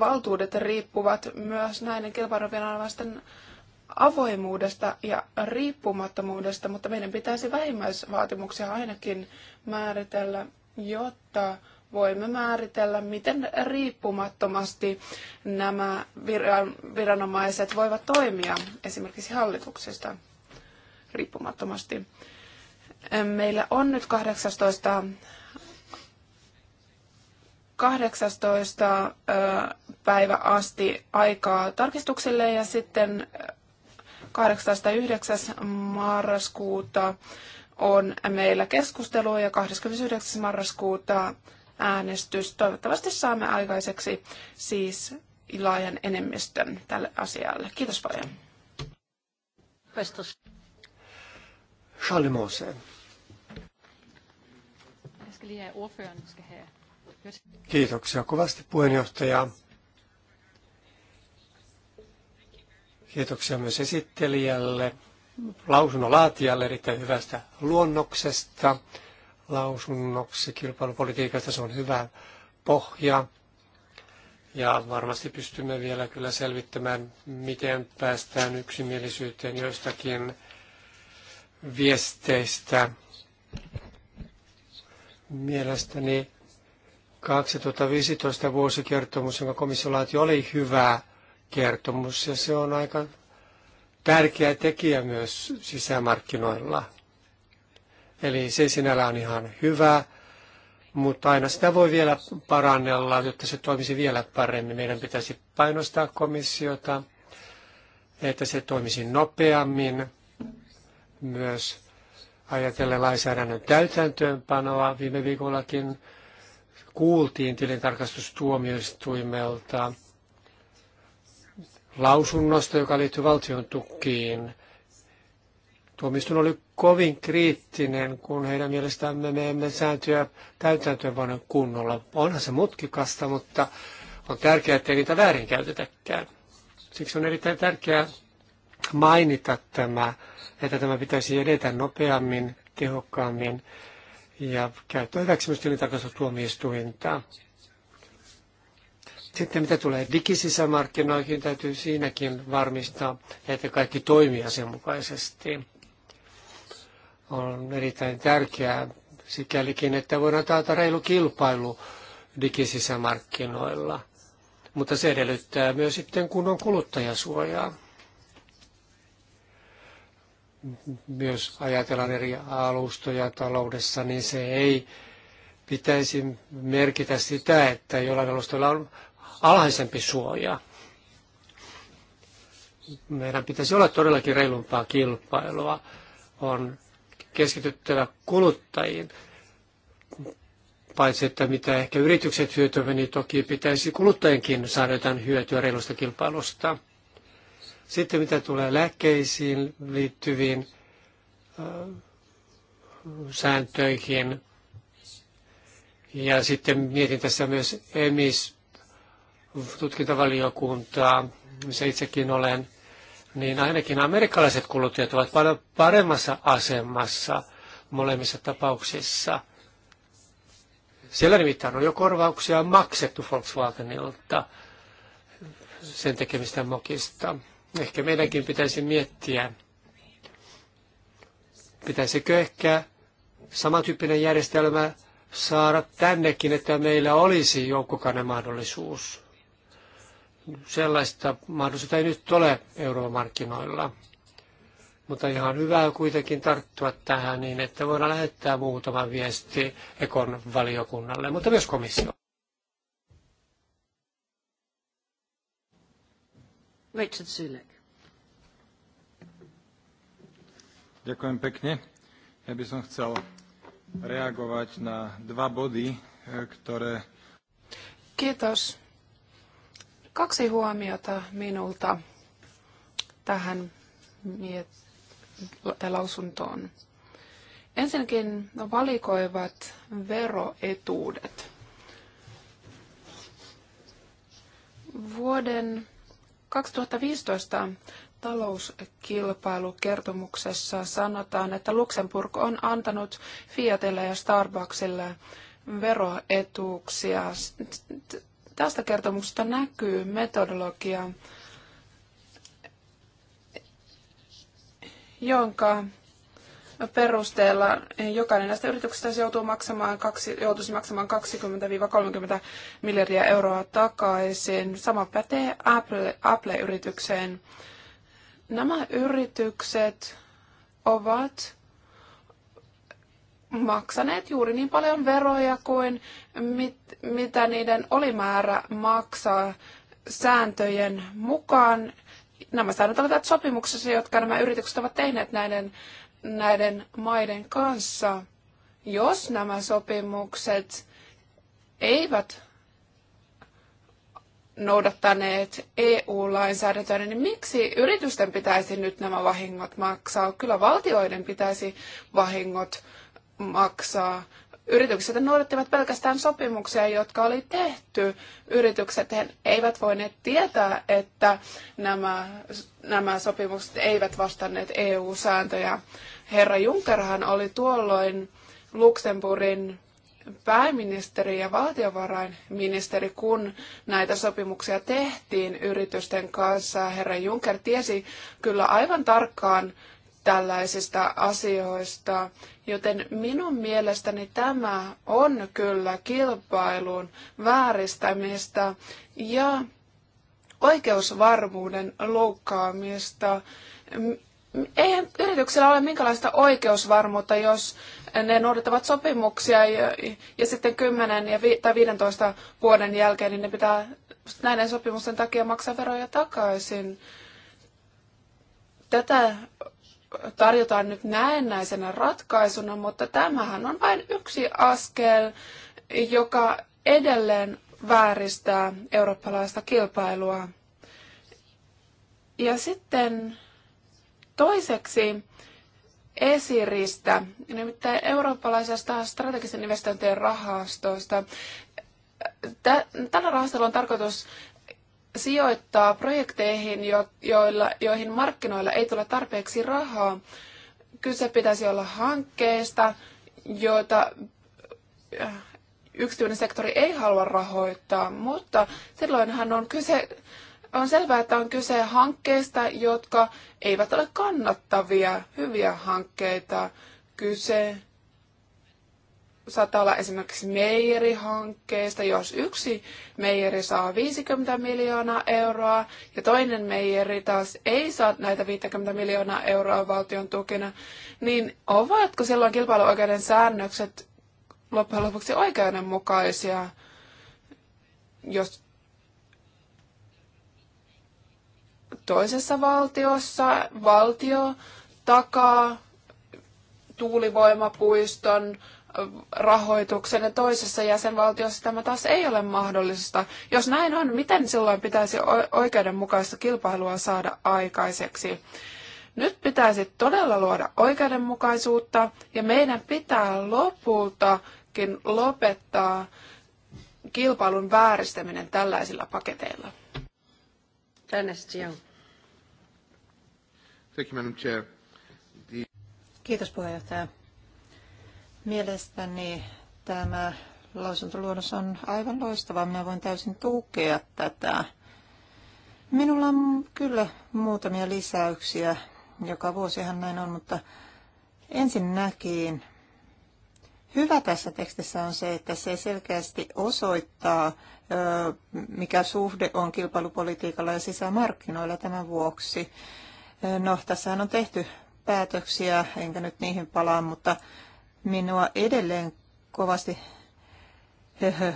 valtuudet riippuvat myös näiden kilpailuviranomaisten avoimuudesta ja riippumattomuudesta, mutta meidän pitäisi vähimmäisvaatimuksia ainakin määritellä, jotta voimme määritellä, miten riippumattomasti nämä viranomaiset voivat toimia esimerkiksi hallituksista riippumattomasti. Meillä on nyt 18 18. päivä asti aikaa tarkistuksille ja sitten 8.9. marraskuuta on meillä keskustelu ja 29. marraskuuta äänestys. Toivottavasti saamme aikaiseksi siis laajan enemmistön tälle asialle. Kiitos paljon. Charlie Charles Jeg skal lige have ordføreren, skal have Kiitoksia kovasti puheenjohtaja. Kiitoksia myös esittelijälle, lausunnon laatijalle erittäin hyvästä luonnoksesta, lausunnoksi kilpailupolitiikasta. Se on hyvä pohja. Ja varmasti pystymme vielä kyllä selvittämään, miten päästään yksimielisyyteen joistakin viesteistä. Mielestäni 2015 vuosikertomus, jonka komissio laati, oli hyvä kertomus ja se on aika tärkeä tekijä myös sisämarkkinoilla. Eli se sinällään on ihan hyvä, mutta aina sitä voi vielä parannella, jotta se toimisi vielä paremmin. Meidän pitäisi painostaa komissiota, että se toimisi nopeammin myös ajatellen lainsäädännön täytäntöönpanoa. Viime viikollakin kuultiin tilintarkastustuomioistuimelta lausunnosta, joka liittyy valtion tukiin. Tuomioistuin oli kovin kriittinen, kun heidän mielestään me emme sääntöjä täytäntöön vain kunnolla. Onhan se mutkikasta, mutta on tärkeää, ettei niitä väärinkäytetäkään. Siksi on erittäin tärkeää mainita tämä, että tämä pitäisi edetä nopeammin, tehokkaammin ja käyttää hyväksi myös tilintarkastustuomioistuinta. Sitten mitä tulee digisisämarkkinoihin, täytyy siinäkin varmistaa, että kaikki toimii asianmukaisesti. On erittäin tärkeää sikälikin, että voidaan taata reilu kilpailu digisisämarkkinoilla. Mutta se edellyttää myös sitten kunnon kuluttajasuojaa myös ajatellaan eri alustoja taloudessa, niin se ei pitäisi merkitä sitä, että jollain alustoilla on alhaisempi suoja. Meidän pitäisi olla todellakin reilumpaa kilpailua. On keskityttävä kuluttajiin. Paitsi, että mitä ehkä yritykset hyötyvät, niin toki pitäisi kuluttajienkin saada jotain hyötyä reilusta kilpailusta. Sitten mitä tulee lääkkeisiin liittyviin sääntöihin. Ja sitten mietin tässä myös EMIS-tutkintavaliokuntaa, missä itsekin olen, niin ainakin amerikkalaiset kuluttajat ovat paljon paremmassa asemassa molemmissa tapauksissa. Siellä nimittäin on jo korvauksia maksettu Volkswagenilta sen tekemistä mokista. Ehkä meidänkin pitäisi miettiä, pitäisikö ehkä samantyyppinen järjestelmä saada tännekin, että meillä olisi joukkokannen mahdollisuus. Sellaista mahdollisuutta ei nyt ole Euroopan markkinoilla. Mutta ihan hyvää kuitenkin tarttua tähän niin, että voidaan lähettää muutama viesti Ekon valiokunnalle, mutta myös komissioon. Richard Sulek. Ďakujem pekne. Ja by som chcel reagovať na dva body, e, ktoré... Kiitos. Kaksi huomiota minulta tähän lausuntoon. Ensinnäkin valikoivat veroetuudet. Vuoden 2015 talouskilpailukertomuksessa sanotaan, että Luxemburg on antanut Fiatille ja Starbucksille veroetuuksia. Tästä kertomuksesta näkyy metodologia, jonka perusteella jokainen näistä yrityksistä joutuu maksamaan kaksi, joutuisi maksamaan 20-30 miljardia euroa takaisin. Sama pätee Apple, Apple-yritykseen. Nämä yritykset ovat maksaneet juuri niin paljon veroja kuin mit, mitä niiden oli määrä maksaa sääntöjen mukaan. Nämä säännöt olivat sopimuksessa, jotka nämä yritykset ovat tehneet näiden näiden maiden kanssa, jos nämä sopimukset eivät noudattaneet EU-lainsäädäntöä, niin miksi yritysten pitäisi nyt nämä vahingot maksaa? Kyllä valtioiden pitäisi vahingot maksaa. Yritykset noudattivat pelkästään sopimuksia, jotka oli tehty. Yritykset eivät voineet tietää, että nämä, nämä sopimukset eivät vastanneet EU-sääntöjä. Herra Junckerhan oli tuolloin Luxemburgin pääministeri ja valtiovarainministeri, kun näitä sopimuksia tehtiin yritysten kanssa. Herra Juncker tiesi kyllä aivan tarkkaan tällaisista asioista, joten minun mielestäni tämä on kyllä kilpailun vääristämistä ja oikeusvarmuuden loukkaamista. Eihän yrityksellä ole minkälaista oikeusvarmuutta, jos ne noudattavat sopimuksia ja, ja sitten 10 ja vi, tai 15 vuoden jälkeen niin ne pitää näiden sopimusten takia maksaa veroja takaisin. Tätä tarjotaan nyt näennäisenä ratkaisuna, mutta tämähän on vain yksi askel, joka edelleen vääristää eurooppalaista kilpailua. Ja sitten toiseksi esiristä, nimittäin eurooppalaisesta strategisen investointien rahastosta. Tällä rahastolla on tarkoitus sijoittaa projekteihin, joilla, joihin markkinoilla ei tule tarpeeksi rahaa. Kyse pitäisi olla hankkeista, joita äh, yksityinen sektori ei halua rahoittaa, mutta silloinhan on kyse, on selvää, että on kyse hankkeista, jotka eivät ole kannattavia, hyviä hankkeita. Kyse saattaa olla esimerkiksi meijerihankkeista, jos yksi meijeri saa 50 miljoonaa euroa ja toinen meijeri taas ei saa näitä 50 miljoonaa euroa valtion tukina, niin ovatko silloin kilpailuoikeuden säännökset loppujen lopuksi oikeudenmukaisia, jos toisessa valtiossa valtio takaa tuulivoimapuiston rahoituksen ja toisessa jäsenvaltiossa tämä taas ei ole mahdollista. Jos näin on, miten silloin pitäisi oikeudenmukaista kilpailua saada aikaiseksi? Nyt pitäisi todella luoda oikeudenmukaisuutta ja meidän pitää lopultakin lopettaa kilpailun vääristäminen tällaisilla paketeilla. Kiitos puheenjohtaja. Mielestäni tämä lausuntoluonnos on aivan loistava. Minä voin täysin tukea tätä. Minulla on kyllä muutamia lisäyksiä. Joka vuosihan näin on, mutta ensinnäkin hyvä tässä tekstissä on se, että se selkeästi osoittaa, mikä suhde on kilpailupolitiikalla ja sisämarkkinoilla tämän vuoksi. No, tässähän on tehty päätöksiä, enkä nyt niihin palaa, mutta minua edelleen kovasti eh, eh,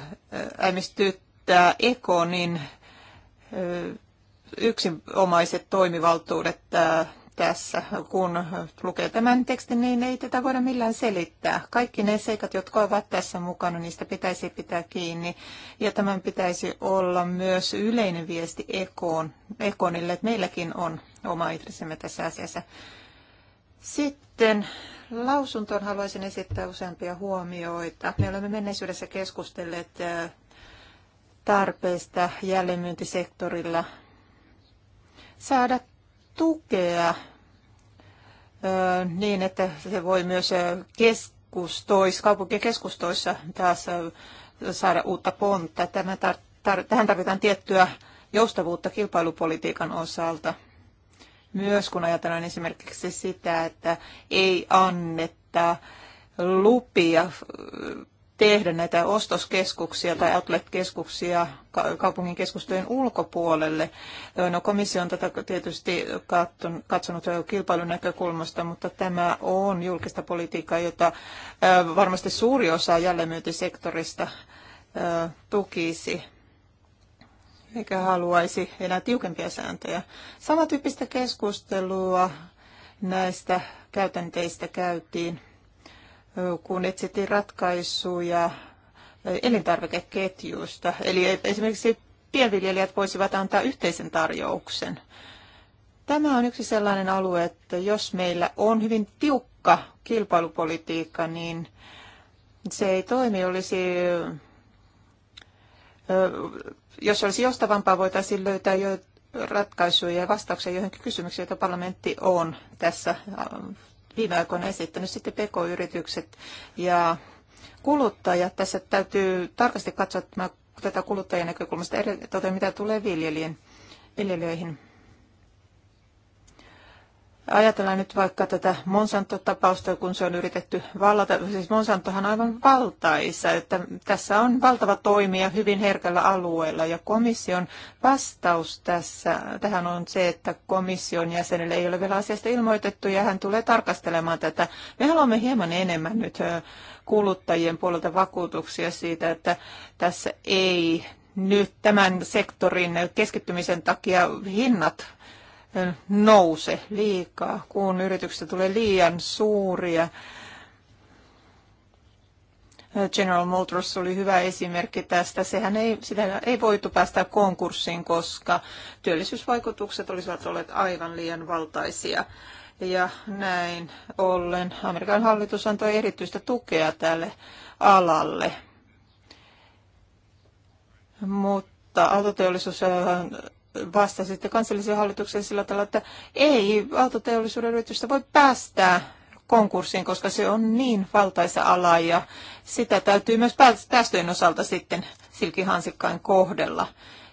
äimistyttää Ekonin eh, yksinomaiset toimivaltuudet tässä. Kun lukee tämän tekstin, niin ei tätä voida millään selittää. Kaikki ne seikat, jotka ovat tässä mukana, niistä pitäisi pitää kiinni. Ja tämän pitäisi olla myös yleinen viesti Ekoon, Ekonille, että meilläkin on oma intressimme tässä asiassa. Sitten lausuntoon haluaisin esittää useampia huomioita. Me olemme menneisyydessä keskustelleet äh, tarpeesta jälleenmyyntisektorilla saada tukea äh, niin, että se voi myös äh, keskustois, kaupunkikeskustoissa taas saada uutta pontta. Tämä tar- tar- tähän tarvitaan tiettyä joustavuutta kilpailupolitiikan osalta myös kun ajatellaan esimerkiksi sitä, että ei annetta lupia tehdä näitä ostoskeskuksia tai outlet-keskuksia kaupungin keskustojen ulkopuolelle. No, komissio on tätä tietysti katsonut kilpailun näkökulmasta, mutta tämä on julkista politiikkaa, jota varmasti suuri osa jälleenmyyntisektorista tukisi eikä haluaisi enää tiukempia sääntöjä. Samantyyppistä keskustelua näistä käytänteistä käytiin, kun etsittiin ratkaisuja elintarvikeketjuista. Eli esimerkiksi pienviljelijät voisivat antaa yhteisen tarjouksen. Tämä on yksi sellainen alue, että jos meillä on hyvin tiukka kilpailupolitiikka, niin se ei toimi, olisi jos olisi joustavampaa, voitaisiin löytää jo ratkaisuja ja vastauksia joihinkin kysymyksiin, joita parlamentti on tässä ähm, viime aikoina esittänyt. Sitten pk-yritykset ja kuluttajat. Tässä täytyy tarkasti katsoa tätä kuluttajien näkökulmasta, eri, mitä tulee viljelijöihin. Ajatellaan nyt vaikka tätä Monsanto-tapausta, kun se on yritetty vallata. Siis Monsantohan aivan valtaisa, että tässä on valtava toimija hyvin herkällä alueella. Ja komission vastaus tässä, tähän on se, että komission jäsenelle ei ole vielä asiasta ilmoitettu ja hän tulee tarkastelemaan tätä. Me haluamme hieman enemmän nyt kuluttajien puolelta vakuutuksia siitä, että tässä ei nyt tämän sektorin keskittymisen takia hinnat nouse liikaa, kun yrityksestä tulee liian suuria. General Motors oli hyvä esimerkki tästä. Sehän ei, sitä ei voitu päästä konkurssiin, koska työllisyysvaikutukset olisivat olleet aivan liian valtaisia. Ja näin ollen Amerikan hallitus antoi erityistä tukea tälle alalle. Mutta autoteollisuus äh, vastasitte kansallisen hallituksen sillä tavalla, että ei autoteollisuuden yritystä voi päästää konkurssiin, koska se on niin valtaisa ala ja sitä täytyy myös päästöjen osalta sitten silkihansikkain kohdella.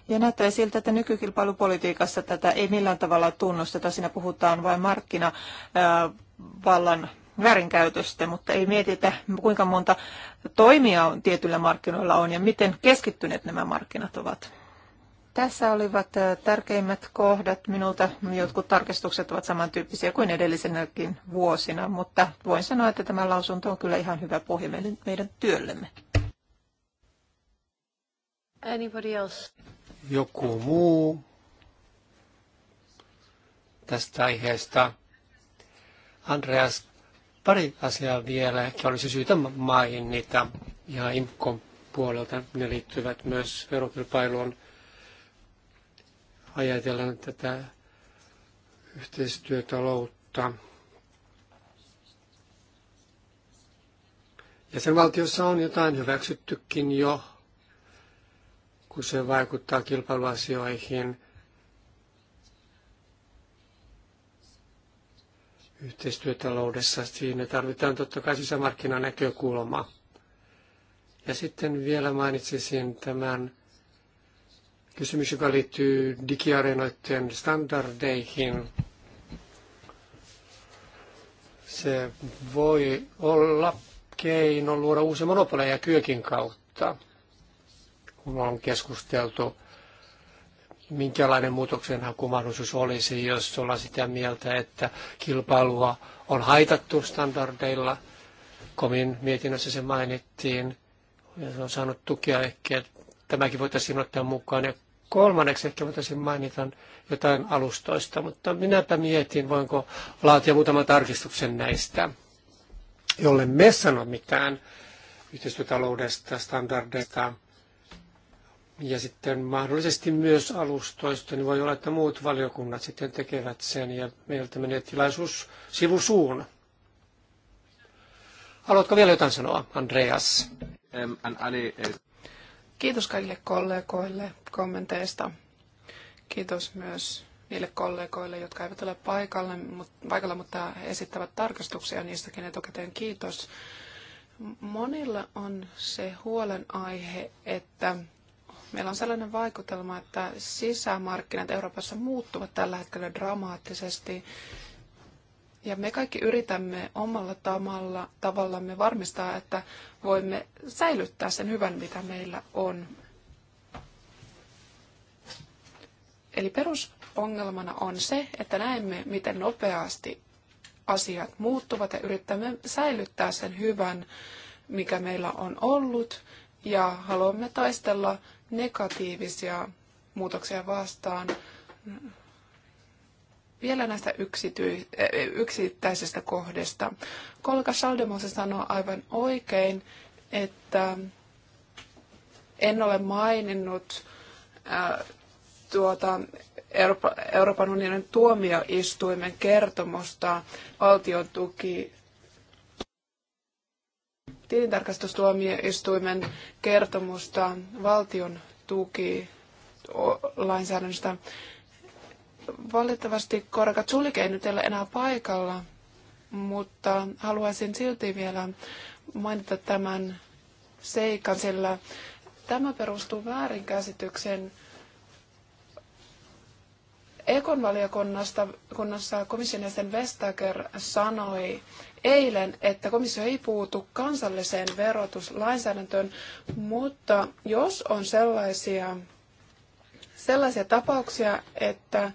Ja näyttää siltä, että nykykilpailupolitiikassa tätä ei millään tavalla tunnusteta. Siinä puhutaan vain markkinavallan väärinkäytöstä, mutta ei mietitä, kuinka monta toimia on tietyillä markkinoilla on ja miten keskittyneet nämä markkinat ovat. Tässä olivat äh, tärkeimmät kohdat minulta. Jotkut tarkistukset ovat samantyyppisiä kuin edellisenäkin vuosina, mutta voin sanoa, että tämä lausunto on kyllä ihan hyvä pohja meidän työllemme. Anybody else? Joku muu tästä aiheesta. Andreas, pari asiaa vielä, ehkä olisi syytä mainita. Ja IMKon puolelta ne liittyvät myös verokilpailuun ajatellaan tätä yhteistyötaloutta. Jäsenvaltiossa on jotain hyväksyttykin jo, kun se vaikuttaa kilpailuasioihin. Yhteistyötaloudessa siinä tarvitaan totta kai sisämarkkinanäkökulma. Ja sitten vielä mainitsisin tämän kysymys, joka liittyy digiareenoiden standardeihin. Se voi olla keino luoda uusia monopoleja kyökin kautta, kun on keskusteltu, minkälainen muutoksen hakumahdollisuus olisi, jos ollaan sitä mieltä, että kilpailua on haitattu standardeilla. Komin mietinnössä se mainittiin ja se on saanut tukea ehkä, että tämäkin voitaisiin ottaa mukaan. Ja Kolmanneksi ehkä voitaisiin mainita jotain alustoista, mutta minäpä mietin, voinko laatia muutaman tarkistuksen näistä, jolle me sano mitään yhteistyötaloudesta, standardeista ja sitten mahdollisesti myös alustoista, niin voi olla, että muut valiokunnat sitten tekevät sen ja meiltä menee tilaisuus sivusuun. Haluatko vielä jotain sanoa, Andreas? Kiitos kaikille kollegoille kommenteista. Kiitos myös niille kollegoille, jotka eivät ole paikalla, mutta, paikalla, mutta esittävät tarkastuksia niistäkin etukäteen. Kiitos. Monilla on se huolenaihe, että meillä on sellainen vaikutelma, että sisämarkkinat Euroopassa muuttuvat tällä hetkellä dramaattisesti ja me kaikki yritämme omalla tamalla, tavallamme varmistaa, että voimme säilyttää sen hyvän, mitä meillä on. Eli perusongelmana on se, että näemme, miten nopeasti asiat muuttuvat ja yritämme säilyttää sen hyvän, mikä meillä on ollut, ja haluamme taistella negatiivisia muutoksia vastaan. Vielä näistä eh, yksittäisistä kohdista. Kolka Saldemose sanoi aivan oikein, että en ole maininnut äh, tuota, Euroopan, Euroopan unionin tuomioistuimen kertomusta valtion tuki tilintarkastustuomioistuimen kertomusta valtion tuki lainsäädännöstä. Valitettavasti Korka Tsulik ei nyt ole enää paikalla, mutta haluaisin silti vielä mainita tämän seikan, sillä tämä perustuu väärinkäsityksen Ekon valiokunnassa komission jäsen Vestager sanoi eilen, että komissio ei puutu kansalliseen verotuslainsäädäntöön, mutta jos on sellaisia, sellaisia tapauksia, että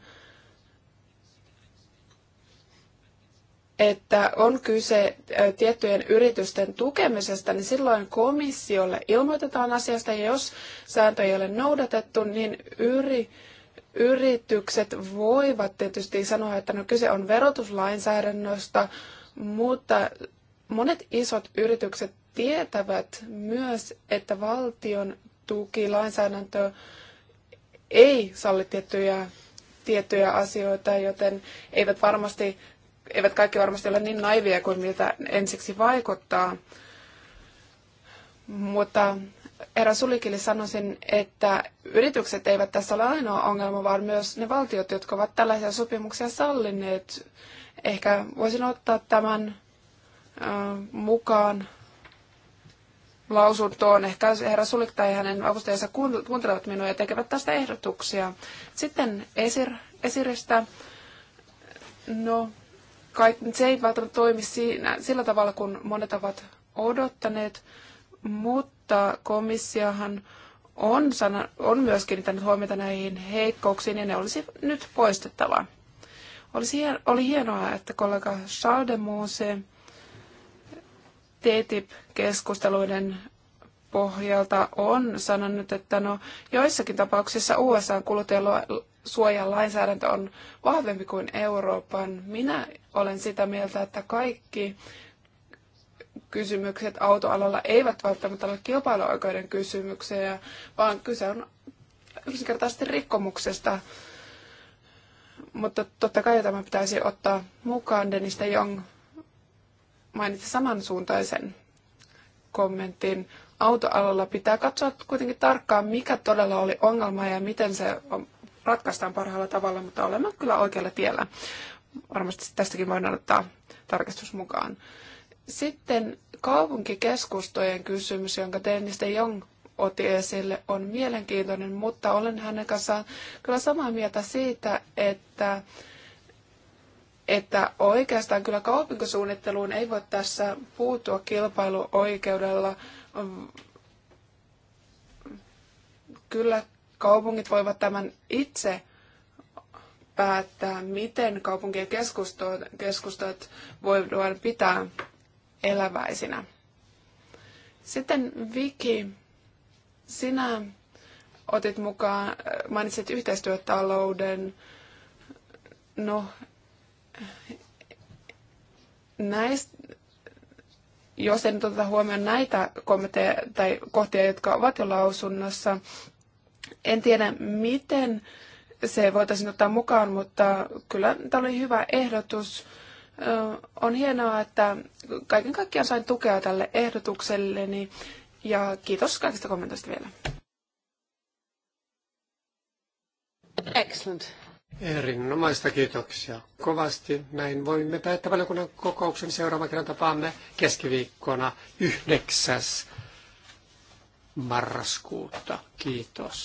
että on kyse tiettyjen yritysten tukemisesta, niin silloin komissiolle ilmoitetaan asiasta, ja jos sääntö ei ole noudatettu, niin yri, yritykset voivat tietysti sanoa, että no kyse on verotuslainsäädännöstä, mutta monet isot yritykset tietävät myös, että valtion tukilainsäädäntö ei salli tiettyjä tiettyjä asioita, joten eivät varmasti eivät kaikki varmasti ole niin naivia kuin miltä ensiksi vaikuttaa. Mutta Herra Sulikille sanoisin, että yritykset eivät tässä ole ainoa ongelma, vaan myös ne valtiot, jotka ovat tällaisia sopimuksia sallineet. Ehkä voisin ottaa tämän äh, mukaan lausuntoon. Ehkä herra Sulik tai hänen avustajansa kuuntelevat minua ja tekevät tästä ehdotuksia. Sitten Esir, Esiristä. No, se ei välttämättä toimi siinä, sillä tavalla, kun monet ovat odottaneet, mutta komissiohan on, sana, on myös kiinnittänyt huomiota näihin heikkouksiin ja ne olisi nyt poistettava. Olisi, oli hienoa, että kollega Schaldemose TTIP-keskusteluiden pohjalta on sanonut, että no, joissakin tapauksissa USA kuluttajilla suojan lainsäädäntö on vahvempi kuin Euroopan. Minä olen sitä mieltä, että kaikki kysymykset autoalalla eivät välttämättä ole kilpailuoikeuden kysymyksiä, vaan kyse on yksinkertaisesti rikkomuksesta. Mutta totta kai tämä pitäisi ottaa mukaan. Dennis de Jong mainitsi samansuuntaisen kommentin. Autoalalla pitää katsoa kuitenkin tarkkaan, mikä todella oli ongelma ja miten se ratkaistaan parhaalla tavalla, mutta olemme kyllä oikealla tiellä. Varmasti tästäkin voidaan ottaa tarkastus mukaan. Sitten kaupunkikeskustojen kysymys, jonka Dennis de Jong otti esille, on mielenkiintoinen, mutta olen hänen kanssaan kyllä samaa mieltä siitä, että, että oikeastaan kyllä kaupunkisuunnitteluun ei voi tässä puuttua kilpailuoikeudella. Kyllä kaupungit voivat tämän itse päättää, miten kaupunkien keskustot voidaan pitää eläväisinä. Sitten Viki, sinä otit mukaan, mainitsit yhteistyötalouden. No, näistä, jos en oteta huomioon näitä kommentteja tai kohtia, jotka ovat jo lausunnossa, en tiedä, miten se voitaisiin ottaa mukaan, mutta kyllä tämä oli hyvä ehdotus. On hienoa, että kaiken kaikkiaan sain tukea tälle ehdotukselleni niin- ja kiitos kaikista kommentoista vielä. Excellent. Erinomaista kiitoksia. Kovasti näin voimme päättää valiokunnan kokouksen. Seuraavan kerran tapaamme keskiviikkona 9 marraskuuta. Kiitos.